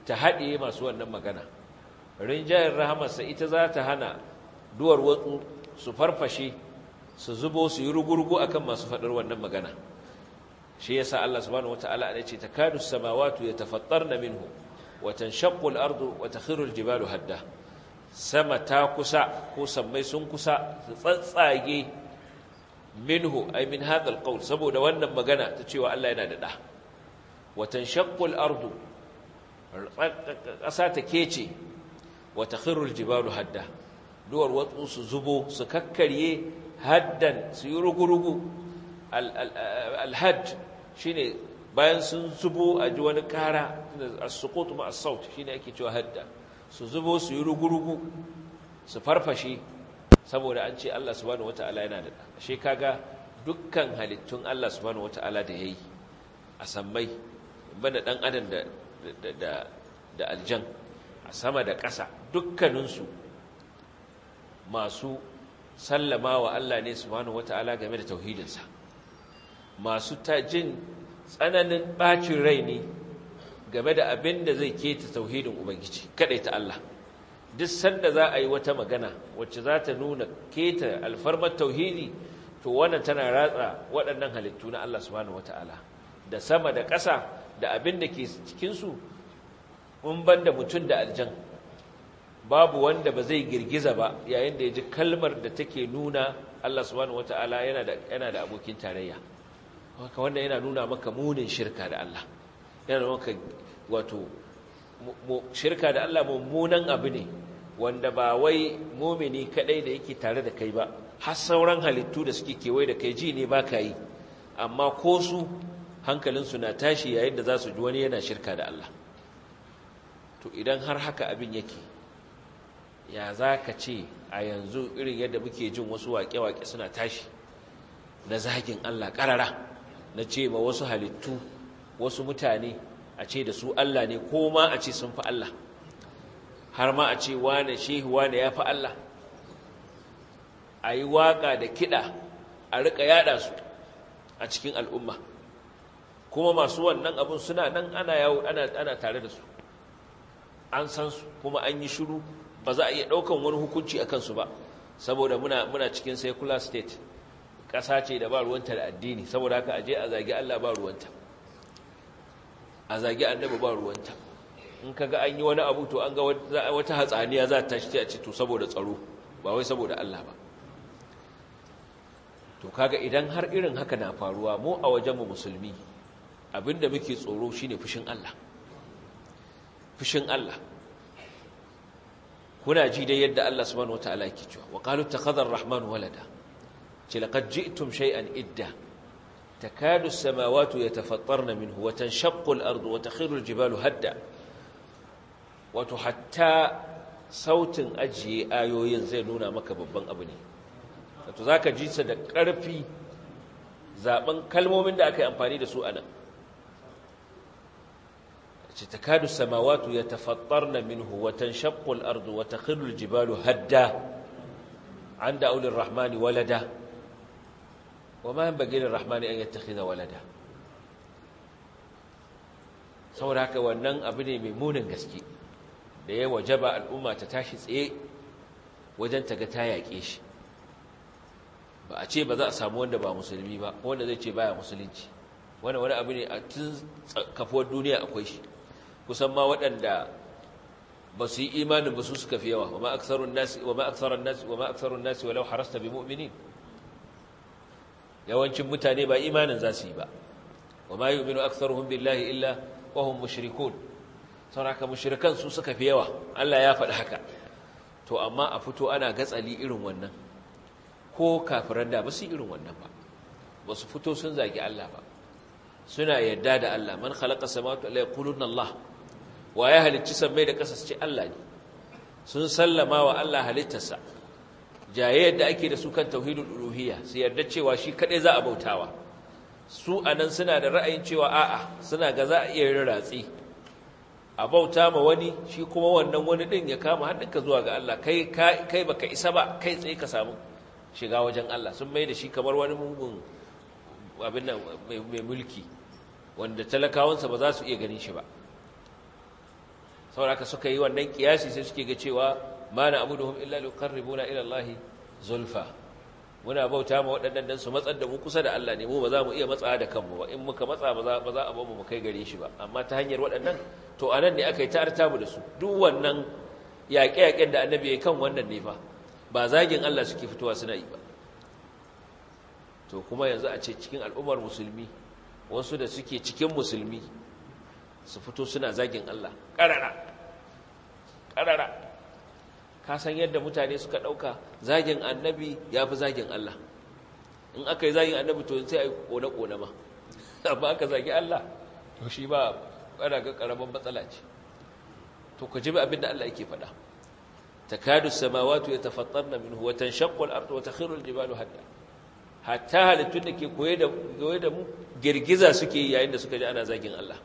ta haɗe masu wannan magana rinjayen rahamarsa ita za ta hana duwar su farfashe su zubo su yi rugurgu akan masu faɗar wannan magana shi yasa Allah subhanahu wataala ya ce ya samawati yatafattarna minhu Watan tanshaqqu ardu wa takhiru al-jibalu hadda sama ta kusa ko sammai sun kusa su tsatsage minhu ay min hadha al saboda wannan magana ta cewa Allah yana da da Watan tanshaqqu ardu ƙasa ta kece Wata takhirru Jibalu hadda duwar watsu su zubo su kakkarye haddan su yi rugurugu shi ne, bayan sun zubo a ji wani kara a suqut ma a as-saut shine ake cewa hadda su zubo su yi rugurugu su farfashe saboda an ce Allah subhanahu ta'ala yana da ashe kaga dukkan halittun Allah subhanahu ta'ala da ya yi a sammai banda dan adam da da da aljan a sama da ƙasa dukkaninsu masu sallama wa Allah ne subhanahu wata'ala game da tauhidinsa masu jin tsananin ɓacin rai ne game da abin da zai keta tauhidin ubangiji kadai ta Allah duk sanda za a yi wata magana wacce za ta nuna keta alfarmar tauhidi to wannan tana ratsa waɗannan halittu na Allah subhanahu wata'ala da sama da ƙasa da abin da ke cikinsu mun ban da mutum da aljan babu wanda ba zai girgiza ba yayin da ya ji kalmar da take nuna Allah subhanahu wata'ala yana da yana da abokin tarayya haka wanda yana nuna maka munin shirka da Allah yana maka wato shirka da Allah mummunan abu ne wanda ba wai mumini kadai da yake tare da kai ba har sauran halittu da suke kewaye da kai ji ne ba ka yi amma ko su hankalinsu na tashi yayin da za su ji wani yana shirka da Allah to idan har haka abin yake ya za ka ce a yanzu irin yadda muke jin wasu waƙe-waƙe suna tashi na zagin Allah ƙarara na ce ma wasu halittu wasu mutane a ce da su Allah ne ko ma a ce sun fi Allah har ma a ce wane shehu wane ya fi Allah a yi waƙa da kiɗa a riƙa yaɗa su a cikin al'umma kuma masu wannan abin suna nan ana yawo ana tare da su an san su kuma an yi shiru ba za a iya ɗaukan wani hukunci a kansu ba saboda muna, cikin secular state ƙasa ce da ba ruwanta da addini saboda haka aje a zagi Allah ba ruwanta a zagi annabi ba ruwanta in ka ga an yi wani abu to an ga wata hatsaniya za ta tashi a ce to saboda tsaro ba wai saboda Allah ba to kaga idan har irin haka na faruwa mu a wajenmu musulmi abinda muke tsoro shine fushin Allah fushin Allah kuna ji dai yadda Allah subhanahu wataala yake cewa wa qalu takhadha ar-rahman walada ce laqad ji'tum shay'an idda takadu as-samawati yatafattarna minhu wa tanshaqqu al-ardu wa takhiru al-jibalu hadda wato hatta sautin ajiye ayoyin zai nuna maka babban abu ne wato zaka ji sa da ƙarfi zaben kalmomin da aka yi amfani da su anan ce takadu samawatu na minhu wa tanshaqqu al-ardu wa takhiru jibalu hadda an da lir-rahmani walada wa ma yanbaghi lir-rahmani an yattakhidha walada saboda haka wannan abu ne mai munin gaske da ya wajaba al'umma ta tashi tsaye wajen ta ga ta yaƙe shi ba a ce ba za a samu wanda ba musulmi ba wanda zai ce baya musulunci wanda wani abu ne a tun kafuwar duniya akwai shi kusan ma waɗanda ba su yi imanin ba su suka fi yawa wa ma aksarun nasi wa ma aksarun nasi walau harasta bi mu'minin yawancin mutane ba imanin za su yi ba wa ma yu'minu aktsaruhum billahi illa wa hum mushrikun sauraka mushrikan su suka fi yawa Allah ya faɗi haka to amma a fito ana gatsali irin wannan ko kafiran da ba su irin wannan ba ba su fito sun zagi Allah ba suna yadda da Allah man khalaqa samawati wal ardi yaquluna Allah wa ya halicci sammai da ƙasa su ce Allah ne sun sallama wa Allah halittarsa jaye yadda ake da su kan tauhidul uluhiyya su yarda cewa shi kaɗai za a bautawa su anan suna da ra'ayin cewa a'a suna ga za a iya yin ratsi a bauta ma wani shi kuma wannan wani ɗin ya kama hannunka zuwa ga Allah kai kai baka isa ba kai tsaye ka samu shiga wajen Allah sun mai da shi kamar wani mugun abin nan mai mulki wanda talakawansa ba za su iya ganin shi ba saboda suka yi wannan kiyasi sai suke ga cewa ma na abuduhum illa liqarribuna ila Allah zulfa muna bauta ma waɗannan dan su matsar da mu kusa da Allah ne mu ba za mu iya matsa da kanmu ba in muka matsa ba za a ba mu kai gare shi ba amma ta hanyar waɗannan to anan ne aka yi ta'arta mu da su duk wannan yaƙe-yaƙen da annabi ya kan wannan ne fa ba zagin Allah suke fitowa suna yi ba to kuma yanzu a ce cikin al'ummar musulmi wasu da suke cikin musulmi su fito suna zagin Allah ƙarara ƙarara ka san yadda mutane suka ɗauka zagin annabi ya fi zagin Allah in aka yi zagin annabi to sai a yi ƙone-ƙone ma amma aka zagi Allah to shi ba ana ga ƙaramin matsala ce to ka jibi abin da Allah yake faɗa kadu samawatu ya tafattar na tanshaqqu al shakwal arto wata khirul jibalu hadda hatta halittun da ke koye da mu girgiza suke yayin da suka ji ana zagin Allah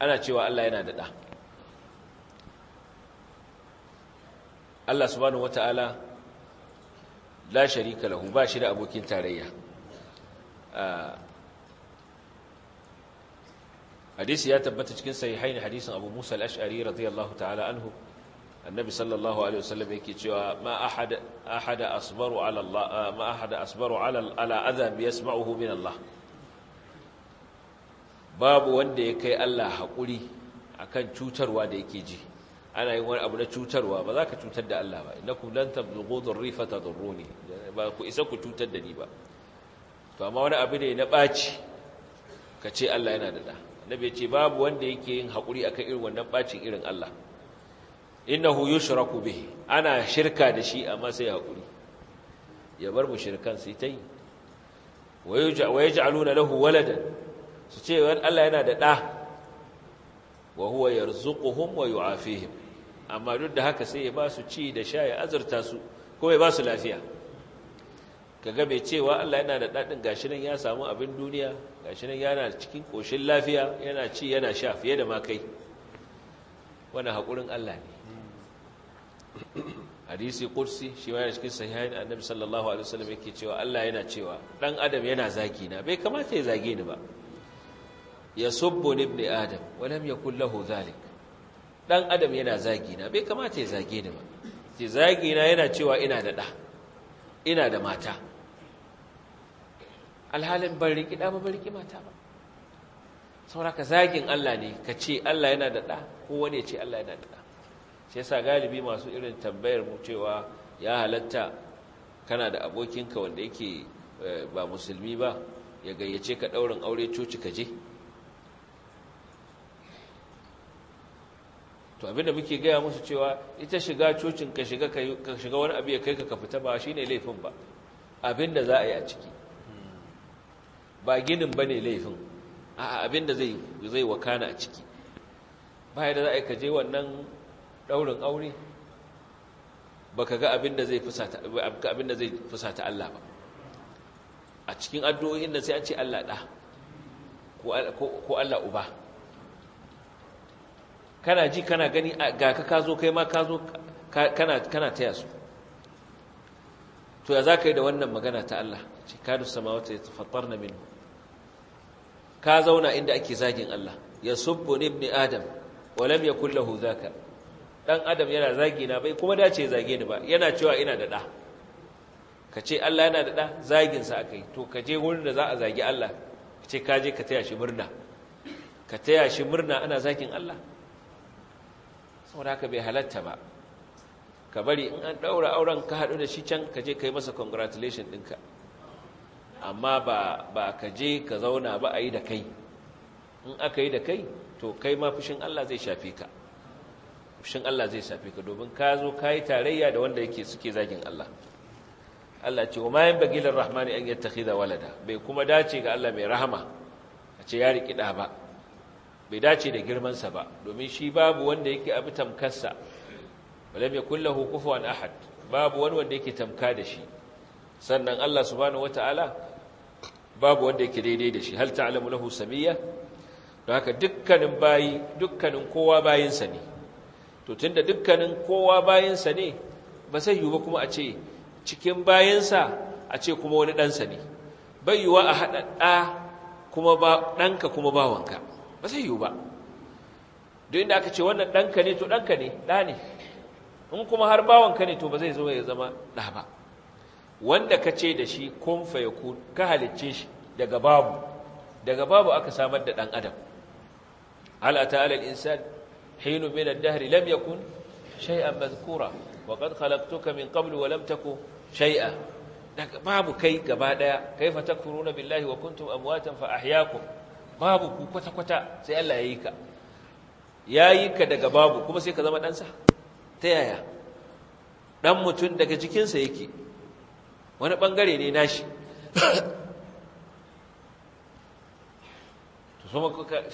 ana cewa Allah yana da ɗa Allah subhanahu wata'ala la sharika lahu ba shi da abokin tarayya ah, hadisi ya tabbata cikin sahihain hadisin Abu Musa al-Ash'ari radiyallahu ta'ala anhu annabi sallallahu alaihi wasallam yake cewa ma ahada ahada asbaru ala Allah ma ahada asbaru ala ala adha bi yasma'uhu min Allah babu wanda ya kai Allah haƙuri a kan cutarwa da yake ji ana yin wani abu na cutarwa ba za ka cutar da Allah ba innakum rifa ta zurro ne. ba ku isa ku cutar da ni ba to amma wani abu ne na ɓaci, ka ce Allah yana da ɗa. na bai ce babu wanda yake yin haƙuri a kan irin wannan ɓacin irin Allah innahu ku bihi ana shirka da shi amma sai haƙuri ya bar mu shirkan sai ta yi wa yaj'aluna lahu waladan su ce wani Allah yana da ɗa wa huwa yarzuquhum wa yu'afihim amma duk da haka sai ya ba su ci da sha ya azurta su ko ya ba su lafiya ka mai cewa Allah yana da ɗaɗin gashinan ya samu abin duniya gashinan yana cikin koshin lafiya yana ci yana sha fiye da ma kai haƙurin Allah ne hadisi kursi shi ma yana cikin sahihain annabi sallallahu alaihi wasallam yake cewa Allah yana cewa ɗan adam yana zagi na bai kamata ya zage ni ba Ya yasubbu ibn adam wa ya yakul lahu zalik dan adam yana zagi na bai kamata ya zage ni ba ce zagi na yana cewa ina da ɗa ina da mata alhalin ban riki ɗa ba ban riki mata ba sauraka zagin Allah ne ka ce Allah yana da ɗa ko wani ya ce Allah yana da ɗa shi sa galibi masu irin tambayar mu cewa ya halatta kana da abokinka wanda yake eh, ba musulmi ba ya gayyace ka ɗaurin aure coci ka je to abinda muke gaya musu cewa ita shiga cocin ka shiga ka shiga wani abu ya kai ka fita ba shine laifin ba abinda za a yi a ciki ba ginin bane laifin a abinda zai zai wakana a ciki Ba da za a yi ka je wannan daurin aure baka ga abinda zai fusata abinda zai fusata Allah ba a cikin addu'o'in da sai an ce Allah da ko Allah uba kana ji kana gani ga ka ka zo kai ma ka zo kana taya su to ya za ka yi da wannan magana ta Allah ce kadu wata ya tafattar na minu ka zauna inda ake zagin Allah ya ne ibn adam walam ya kullahu zaka dan adam yana zagi na bai kuma dace zage ni ba yana cewa ina da ɗa. ka ce Allah yana da ɗa zagin sa yi. to ka je wurin da za a zagi Allah ka ce ka je ka taya shi murna ka taya shi murna ana zagin Allah saboda haka bai halatta ba ka bari in an ɗaura auren ka haɗu da shi can ka je ka yi masa congratulation ɗinka amma ba ka je ka zauna ba a yi da kai in aka yi da kai to kai ma fushin Allah zai shafe ka fushin Allah zai shafe ka domin ka zo ka yi tarayya da wanda yake suke zagin Allah Allah ce wa mayan bagilar rahmani an yattakhidha walada bai kuma dace ga Allah mai rahama a ce ya riƙi ɗa ba bai dace da girmansa ba domin shi babu wanda yake abu tamkarsa walam yakul lahu kufuwan ahad babu wani wanda yake tamka da shi sannan Allah subhanahu wataala babu wanda yake daidai da shi hal ta'lamu lahu samiyya don haka dukkanin bayi dukkanin kowa bayinsa ne to tunda dukkanin kowa bayinsa ne ba sai yiwu ba kuma a ce cikin bayansa a ce kuma wani ɗansa ne bai a haɗa ɗa kuma ba ɗanka kuma bawanka ba zai yiwu ba duk inda aka ce wannan ɗanka ne to ɗanka ne ɗa ne in kuma har bawanka ne to ba zai zo ya zama ɗa ba wanda ka ce da shi kun fayakun ka halicce shi daga babu daga babu aka samar da ɗan adam ala ta'ala al-insan hinu min ad-dahr lam yakun shay'an mazkura wa qad khalaqtuka min qablu wa lam taku shay'a daga babu kai gaba daya kaifa takfuruna billahi wa kuntum amwatan fa ahyaakum babu ku kwata-kwata sai Allah ya yi ka ya yi ka daga babu kuma sai ka zama ɗansa ta yaya ɗan mutum daga jikinsa yake wani ɓangare ne nashi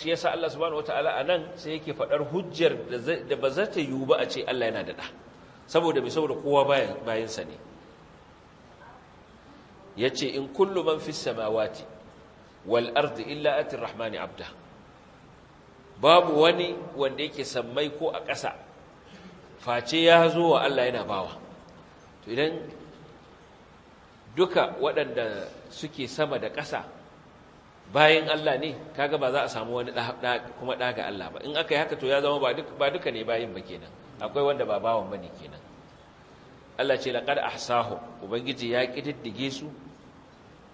shi Ya sa Allah subhanahu wataala nan sai yake faɗar hujjar da ba za ta yiwu ba a ce Allah yana daɗa. ɗa saboda mai saboda kowa bayansa ne Ya ce in an man fis samawati wal ardi illa atir rahmani abda babu wani wanda yake sammai ko a ƙasa face ya zo wa Allah yana bawa to idan duka waɗanda suke sama da ƙasa bayan Allah ne kaga ba za a samu wani kuma ɗa ga Allah ba in aka yi haka to ya zama ba duka ne bayin ba kenan akwai wanda ba bawan ba ne kenan Allah ce laƙar ahsahu ubangiji ya ƙididdige su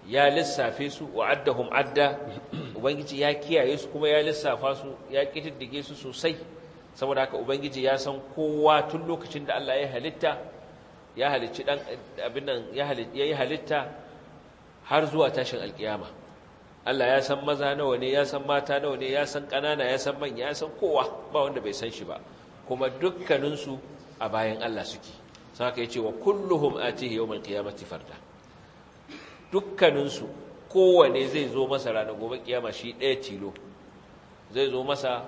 ya lissafe su wa adda ubangiji ya kiyaye su kuma ya lissafa su ya kididdige su sosai saboda haka ubangiji ya san kowa tun lokacin da Allah ya halitta ya halicci dan abin nan ya yi halitta har zuwa tashin alkiyama Allah ya san maza nawa ne ya san mata nawa ne ya san kanana ya san manya ya san kowa ba wanda bai san shi ba kuma dukkaninsu a bayan Allah suke saka yace wa kulluhum atihi yawmal qiyamati farda dukkaninsu kowane zai zo masa ranar gobe kiyama shi ɗaya tilo zai zo masa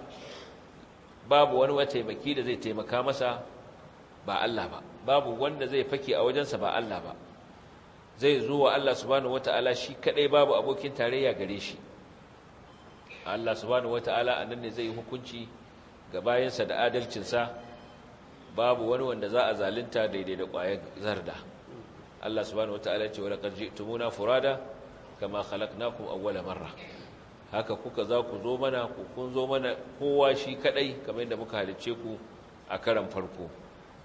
babu wani mataimaki da zai taimaka masa ba Allah ba babu wanda zai fake a wajensa ba Allah ba zai zo wa Allah subhanahu wata'ala shi kadai babu abokin tarayya gare shi Allah subhanahu wata'ala anan ne zai hukunci ga bayansa da adalcinsa babu wani wanda za a zalunta daidai da ƙwayar zarda Allah subhanahu wataala ce wala qad ji'tumuna furada kama khalaqnakum awwala marra haka kuka za ku zo mana ku kun zo mana kowa shi kadai kamar yadda muka halicce ku a karan farko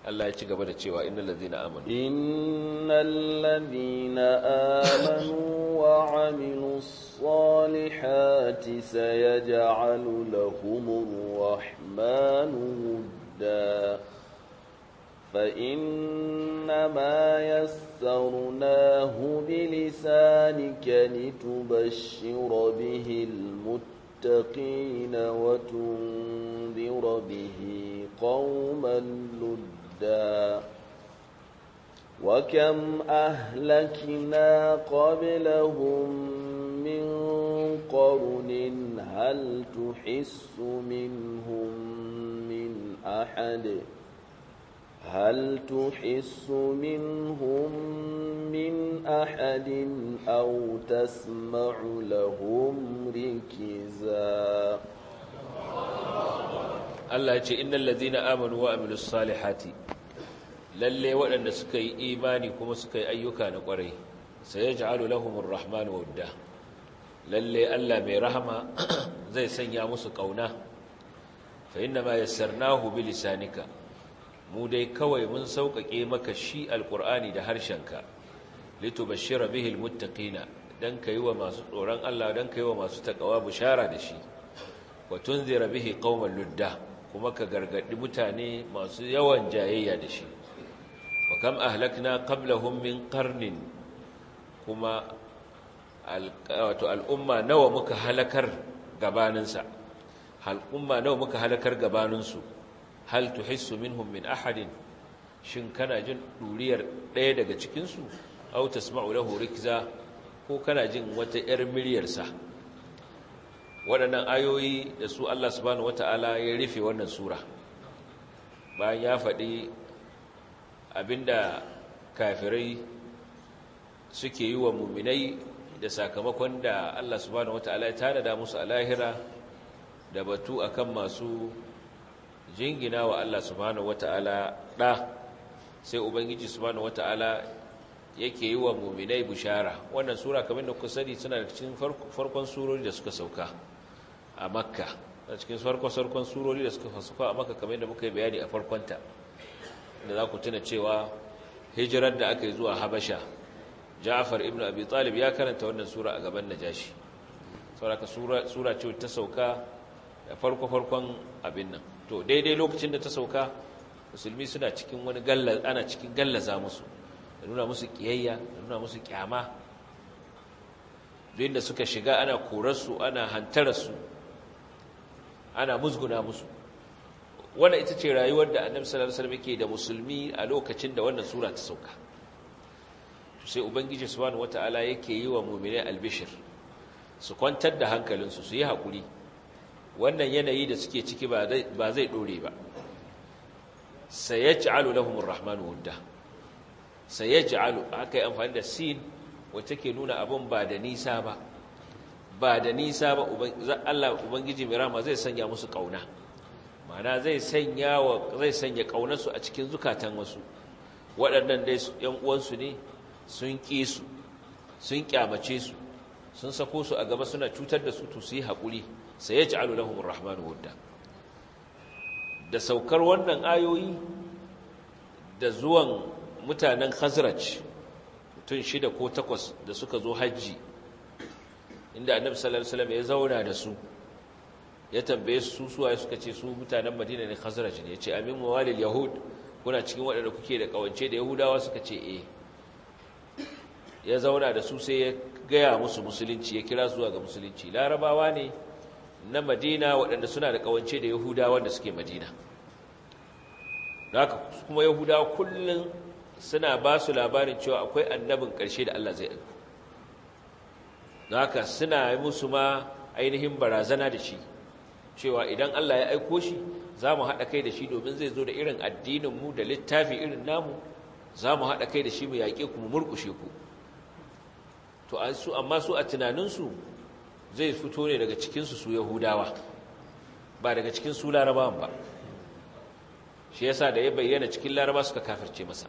Allah ya ci gaba da cewa innal ladhina amanu innal ladhina amanu wa amilus salihati sayaj'alu lahumur rahmanu wudda fa innama yas فَيَسَّرْنَاهُ بِلِسَانِكَ لِتُبَشِّرَ بِهِ الْمُتَّقِينَ وَتُنذِرَ بِهِ قَوْمًا لُدًّا وَكَمْ أَهْلَكْنَا قَبْلَهُم مِّن قَرْنٍ هَلْ تُحِسُّ مِنْهُم مِّنْ أَحَدٍ هل تحس منهم من أحد أو تسمع لهم ركزا Allah ya ce innal ladina amanu wa amilus salihati Lallai waɗanda suka yi imani kuma suka yi ayyuka na ƙwarai sai ya ja'alu lahumur rahman wadda Lallai Allah mai rahma zai sanya musu ƙauna? fa inna ma yassarnahu lisanika mu dai kawai mun sauƙaƙe maka shi alƙur'ani da harshenka litubashshira bihil muttaqina dan kai wa masu tsoron Allah dan kai wa masu takawa bishara da shi wa tunzira bihi qauman ludda kuma ka gargadi mutane masu yawan jayayya da shi wa kam ahlakna qablahum min qarnin kuma wato al'umma nawa muka halakar gabaninsa al'umma nawa muka halakar gabaninsu hal tuhissu minhum min ahadin shin kana jin duriyar ɗaya daga cikinsu au tasma'u lahu rikza ko kana jin wata ‘yar miryarsa waɗannan ayoyi da su Allah subhanahu wata'ala ya rufe wannan sura bayan ya faɗi abinda kafirai suke yi wa muminai da sakamakon da Allah subhanahu wata'ala ya tanada musu a lahira da batu akan masu jingina wa Allah subhanahu wata'ala da sai ubangiji subhanahu wata'ala yake yi wa mu'minai bushara wannan sura kamar da kuka sani tana cikin farkon surori da suka sauka a makka a cikin farkon farkon surori da suka sauka a makka kamar da muka yi bayani a farkon ta da za ku tuna cewa hijirar da aka yi zuwa habasha ja'far Ibn abi talib ya karanta wannan sura a gaban najashi saboda sura sura ce ta sauka da farko farkon abin nan to daidai lokacin da ta sauka musulmi suna cikin wani galla ana cikin gallaza musu da nuna musu kiyayya da nuna musu kyama duk da suka shiga ana korarsu ana hantararsu ana musguna musu wannan ita ce rayuwar da annabi sallallahu alaihi wasallam yake da musulmi a lokacin da wannan sura ta sauka sai ubangiji subhanahu wataala yake yi wa mu'minai albishir su kwantar da hankalinsu su yi hakuri wannan yanayi da suke ciki ba zai ɗore ba na humar rahmanu wudda a aka yi amfani da sin wacce ke nuna abin ba da nisa ba ba da nisa ba Allah ubangiji mai rama zai sanya musu ƙauna Mana zai sanya wa zai sanya kaunarsu a cikin zukatan wasu waɗannan dai ‘yan uwansu ne sun ƙi su sun ƙyamace su sun sako su a gaba suna cutar da su to su yi haƙuri sai ya ja'alu lahumur rahmanu wadda da saukar wannan ayoyi da zuwan mutanen khazraj tun shida ko takwas da suka zo hajji inda annabi sallallahu alaihi ya zauna da su ya tambaye su suwaye suka ce su mutanen madina ne khazraj ne yace amin mawalil yahud kuna cikin waɗanda kuke da kawance da yahudawa suka ce eh ya zauna da su sai ya gaya musu musulunci ya kira zuwa ga musulunci larabawa ne na madina waɗanda suna da ƙawance da yahudawa da suke madina da kuma yahudawa kullum suna ba su labarin cewa akwai annabin ƙarshe da allah zai aiko haka suna musu ma ainihin barazana da shi cewa idan allah ya aiko shi za mu haɗa kai da shi domin zai zo da irin addininmu da littafi irin namu za mu haɗa kai da shi mu yaƙe ku mu murƙushe ku to amma su a tunaninsu zai fito ne daga cikinsu su yahudawa ba daga cikin su Laraba ba shi yasa da ya bayyana cikin laraba suka kafirce masa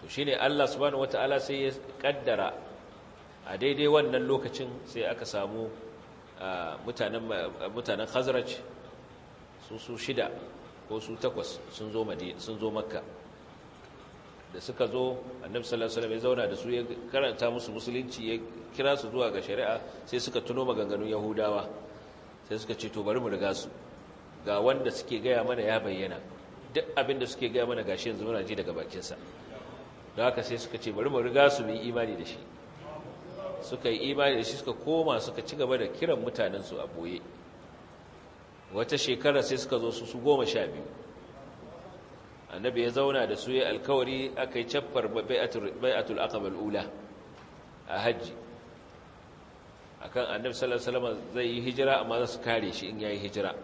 to shine Allah subhanahu wataala sai ya kaddara a daidai wannan lokacin sai aka samu mutanen mutanen Khazraj su su shida ko su takwas sun zo Makka da suka zo annabi sallallahu alaihi wasallam ya zauna da su ya karanta musu musulunci ya kira su zuwa ga shari'a sai suka tuno maganganun yahudawa sai suka ce to bari mu riga su ga wanda suke gaya mana ya bayyana duk abin da suke gaya mana gashi yanzu muna ji daga bakinsa don haka sai suka ce bari mu riga su mu yi imani da shi suka yi imani da shi suka koma suka ci gaba da kiran mutanen su a boye wata shekara sai suka zo su su goma sha biyu annabi ya zauna da su ya alkawari aka yi caffar bai'atul aqabal ula a hajji akan annabi sallallahu alaihi wasallam zai yi hijira amma za su kare shi in yayi hijira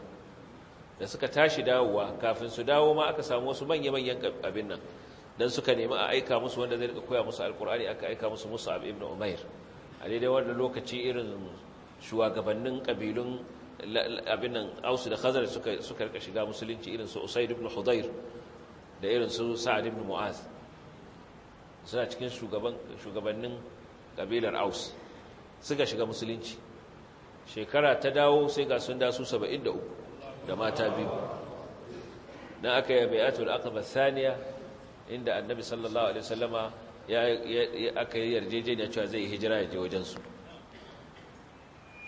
da suka tashi dawowa kafin su dawo ma aka samu wasu manya-manyan abin nan dan suka nemi a aika musu wanda zai koya musu alkur'ani aka aika musu mus'ab ibn umair a daidai wannan lokaci irin shugabannin kabilun abin nan ausu da khazar suka suka rika shiga musulunci irin su usaid ibn hudayr da irin su sa'ad ibn mu'az suna cikin shugabannin kabilar aus suka shiga musulunci shekara ta dawo sai ga sun dasu 73 da mata biyu dan aka yi bai'atul aqaba thaniya inda annabi sallallahu alaihi wasallama ya aka yi yarjejeniya cewa zai hijira ya je wajen su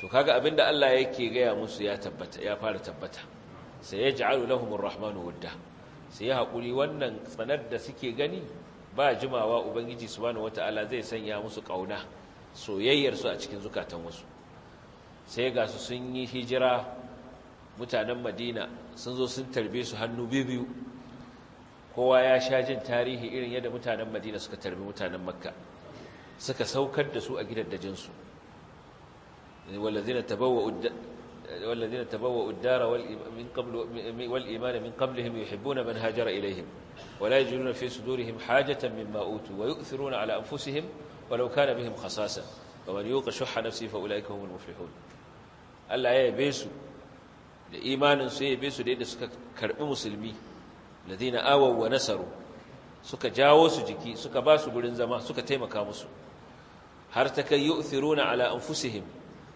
to kaga abinda Allah yake gaya musu ya tabbata ya fara tabbata sai yaj'alu lahumur rahmanu wadda Sai yi haƙuri wannan tsanar da suke gani ba jimawa ubangiji subhanahu wata'ala zai sanya musu ƙauna soyayyarsu a cikin zukatan wasu sai ga su sun yi hijira mutanen madina sun zo sun tarbe su hannu biyu kowa ya sha jin tarihi irin yadda mutanen madina suka tarbi mutanen makka suka saukar da su a gidan gidaddajinsu walazina tabawwa والذين تبوأوا الدار من قبل والإيمان من قبلهم يحبون من هاجر إليهم ولا يجدون في صدورهم حاجة مما أوتوا ويؤثرون على أنفسهم ولو كان بهم خصاصة ومن يوق شح نفسه فأولئك هم المفلحون Allah ya yabe su da imanin su ya yabe su da yadda suka karbi musulmi ladina awaw wa nasaru suka jawo su jiki suka ba su gurin zama suka taimaka musu har ta kai yu'thiruna ala anfusihim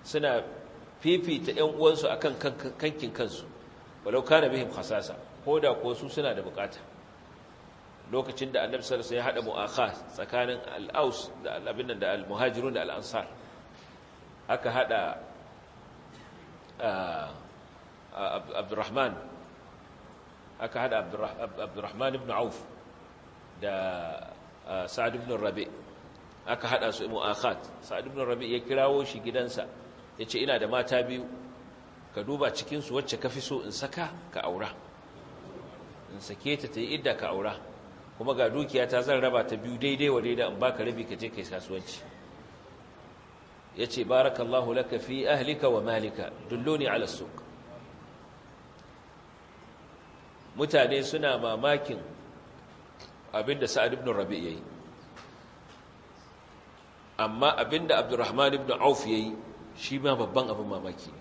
suna fifita ‘yan uwansu a kan kankin kansu walau kana bihim khasasa ko da ko su suna da bukata lokacin da annabi sallallahu alaihi wasallam ya hada mu'akha tsakanin al-aus da al-abin da al-muhajirun da al-ansar aka hada Abdurrahman aka hada Abdurrahman ibn Auf da Sa'ad ibn Rabi aka hada su mu'akhat Sa'ad ibn Rabi ya kirawo shi gidansa ya ce ina da mata biyu ka duba cikinsu wacce ka fi so in saka ka aura in sake ta ta yi idda ka aura kuma ga dukiya ta zan raba ta biyu daidai wa daidai in baka rabi ka je ka yi kasuwanci ya ce barakallahu laka fi ahlika wa malika dulloni ala suq mutane suna mamakin abinda sa'ad ibn rabi yayi amma abinda abdurrahman ibn auf yayi shi ma babban abin mamaki ne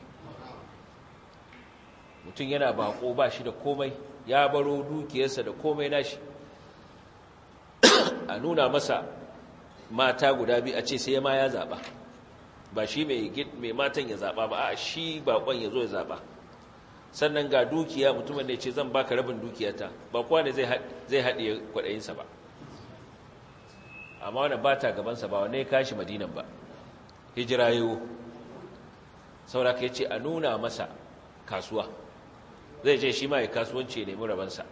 mutum yana bako ba shi da komai ya baro dukiyarsa da komai nashi a nuna masa mata guda biyu a ce sai ma ya zaɓa ba shi mai matan ya zaba ba a shi bakon ya zo ya zaɓa sannan ga dukiya mutumin ne ce zan baka rabin dukiyata ba kowa ne zai haɗe kwaɗayinsa ba amma wani ba ta gabansa ba wane ya kashi madinan ba hijira yiwu sauraka ya ce a nuna masa kasuwa zai je shi ma ya kasuwanci ya nemi rabansa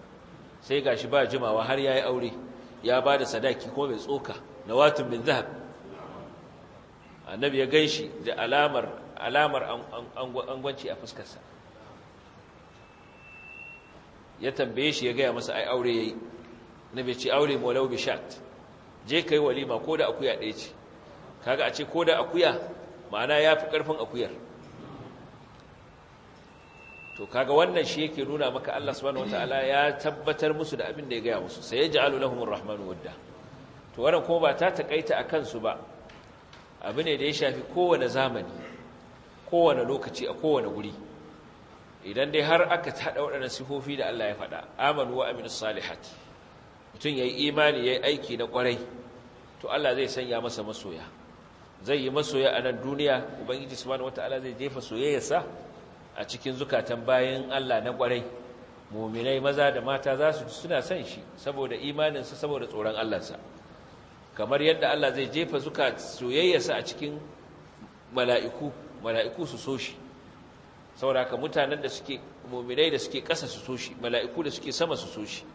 sai ga shi ba jimawa har ya yi aure ya ba da sadaki ko mai tsoka na watan bin zahab annabi ya gan shi da alamar alamar angwanci a fuskarsa ya tambaye shi ya gaya masa ai aure ya yi na bai ce aure molau bishat je ka yi walima ko da akuya ɗaya ce kaga a ce ko da akuya ma'ana ya fi ƙarfin akuyar to kaga wannan shi yake nuna maka Allah subhanahu wataala ya tabbatar musu da abin da ya gaya musu sai yaj'alu lahumur rahmanu wadda to wannan ko ba ta takaita akan su ba abu ne da ya shafi kowane zamani kowane lokaci a kowane guri idan dai har aka tada waɗannan sifofi da Allah ya faɗa amanu wa aminus salihat mutum yayi imani yayi aiki na kwarai to Allah zai sanya masa masoya zai yi masoya a nan duniya ubangiji subhanahu wataala zai jefa soyayyarsa a cikin zukatan bayan Allah na kwarai muminai maza da mata za su suna son shi saboda imaninsa saboda tsoron Allahnsa kamar yadda Allah zai jefa zuka soyayyarsa a cikin mala'iku mala'iku su so shi saboda ka mutanen da suke muminai da suke ƙasa su so shi mala'iku da suke sama su so shi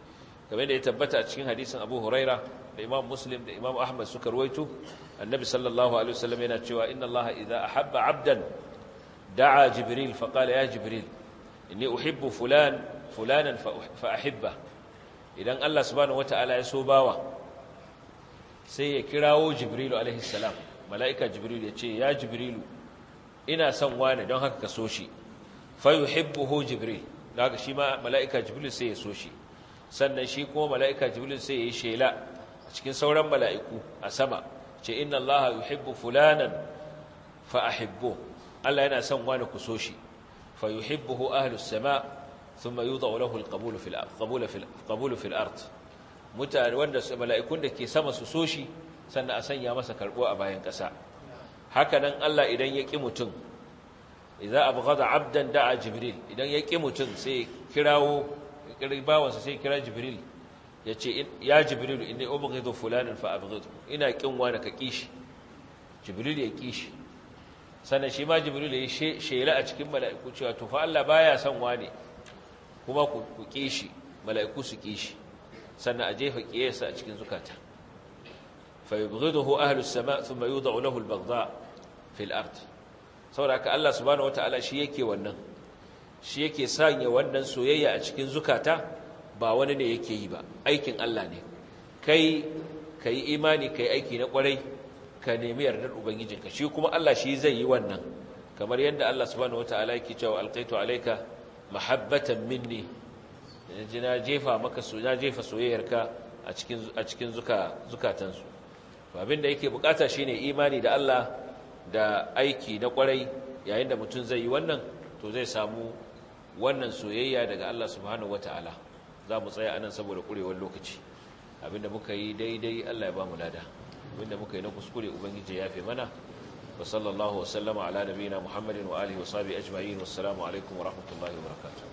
game da ya tabbata a cikin hadisin Abu Huraira da Imam Muslim da Imam Ahmad suka ruwaito Annabi sallallahu alaihi wasallam yana cewa inna iza, idza ahabba 'abdan da'a jibril faƙala ya jibril inni uhibbu fulan fulanan fa'ahibba idan Allah subhanahu wata'ala ya so bawa sai ya kirawo jibrilu alaihi salam mala'ika jibril ya ce ya jibrilu ina son wani don haka ka so shi fa yuhibbuhu jibril daga shi ma mala'ika jibril sai ya so sannan shi kuma mala'ika jibril sai ya yi shela cikin sauran mala'iku a sama ce inna allaha yuhibbu fulanan fa ahibbuhu Allah yana son wani ku so shi fa yuhibbuhu ahlus sama thumma yudau lahu alqabul fil qabul fil qabul fil ard mutane wanda mala'ikun da ke sama su so shi sannan a sanya masa karbo a bayan kasa haka nan Allah idan ya ki mutun idza abghada abdan da'a jibril idan ya ki mutun sai kirawo bawansa sai kira jibril ya ce ya jibrilu inni ubghidu fulanan fa abghidu ina kin wani ka kishi jibril ya kishi sannan shi ma jibril ya yi shela a cikin mala'iku cewa to fa Allah baya son wane kuma ku ƙi shi mala'iku su ƙi shi sannan a jefa ƙiyarsa a cikin zukata fa yubghiduhu ahlu sama thumma yud'u lahu al-baghdha fi al saboda haka Allah subhanahu ta'ala shi yake wannan shi yake sanya wannan soyayya a cikin zukata ba wani ne yake yi ba aikin Allah ne kai yi imani yi aiki na kwarai ka nemi yardar ubangijinka shi kuma Allah shi zai yi wannan kamar yadda Allah subhanahu wataala yake cewa alqaitu alayka mahabbatan minni na jefa maka so na jefa soyayyarka a cikin a cikin zuka zukatansu to abinda yake bukata shine imani da Allah da aiki na kwarai yayin da mutum zai yi wannan to zai samu wannan soyayya daga Allah subhanahu wataala za mu tsaya anan saboda kurewar lokaci abinda muka yi daidai Allah ya ba mu lada abinda muka yi na kuskure ubangiji ya fi mana wa sallallahu wa ala nabiyina muhammadin wa alihi wa sahbihi ajma'in wassalamu alaikum wa rahmatullahi wa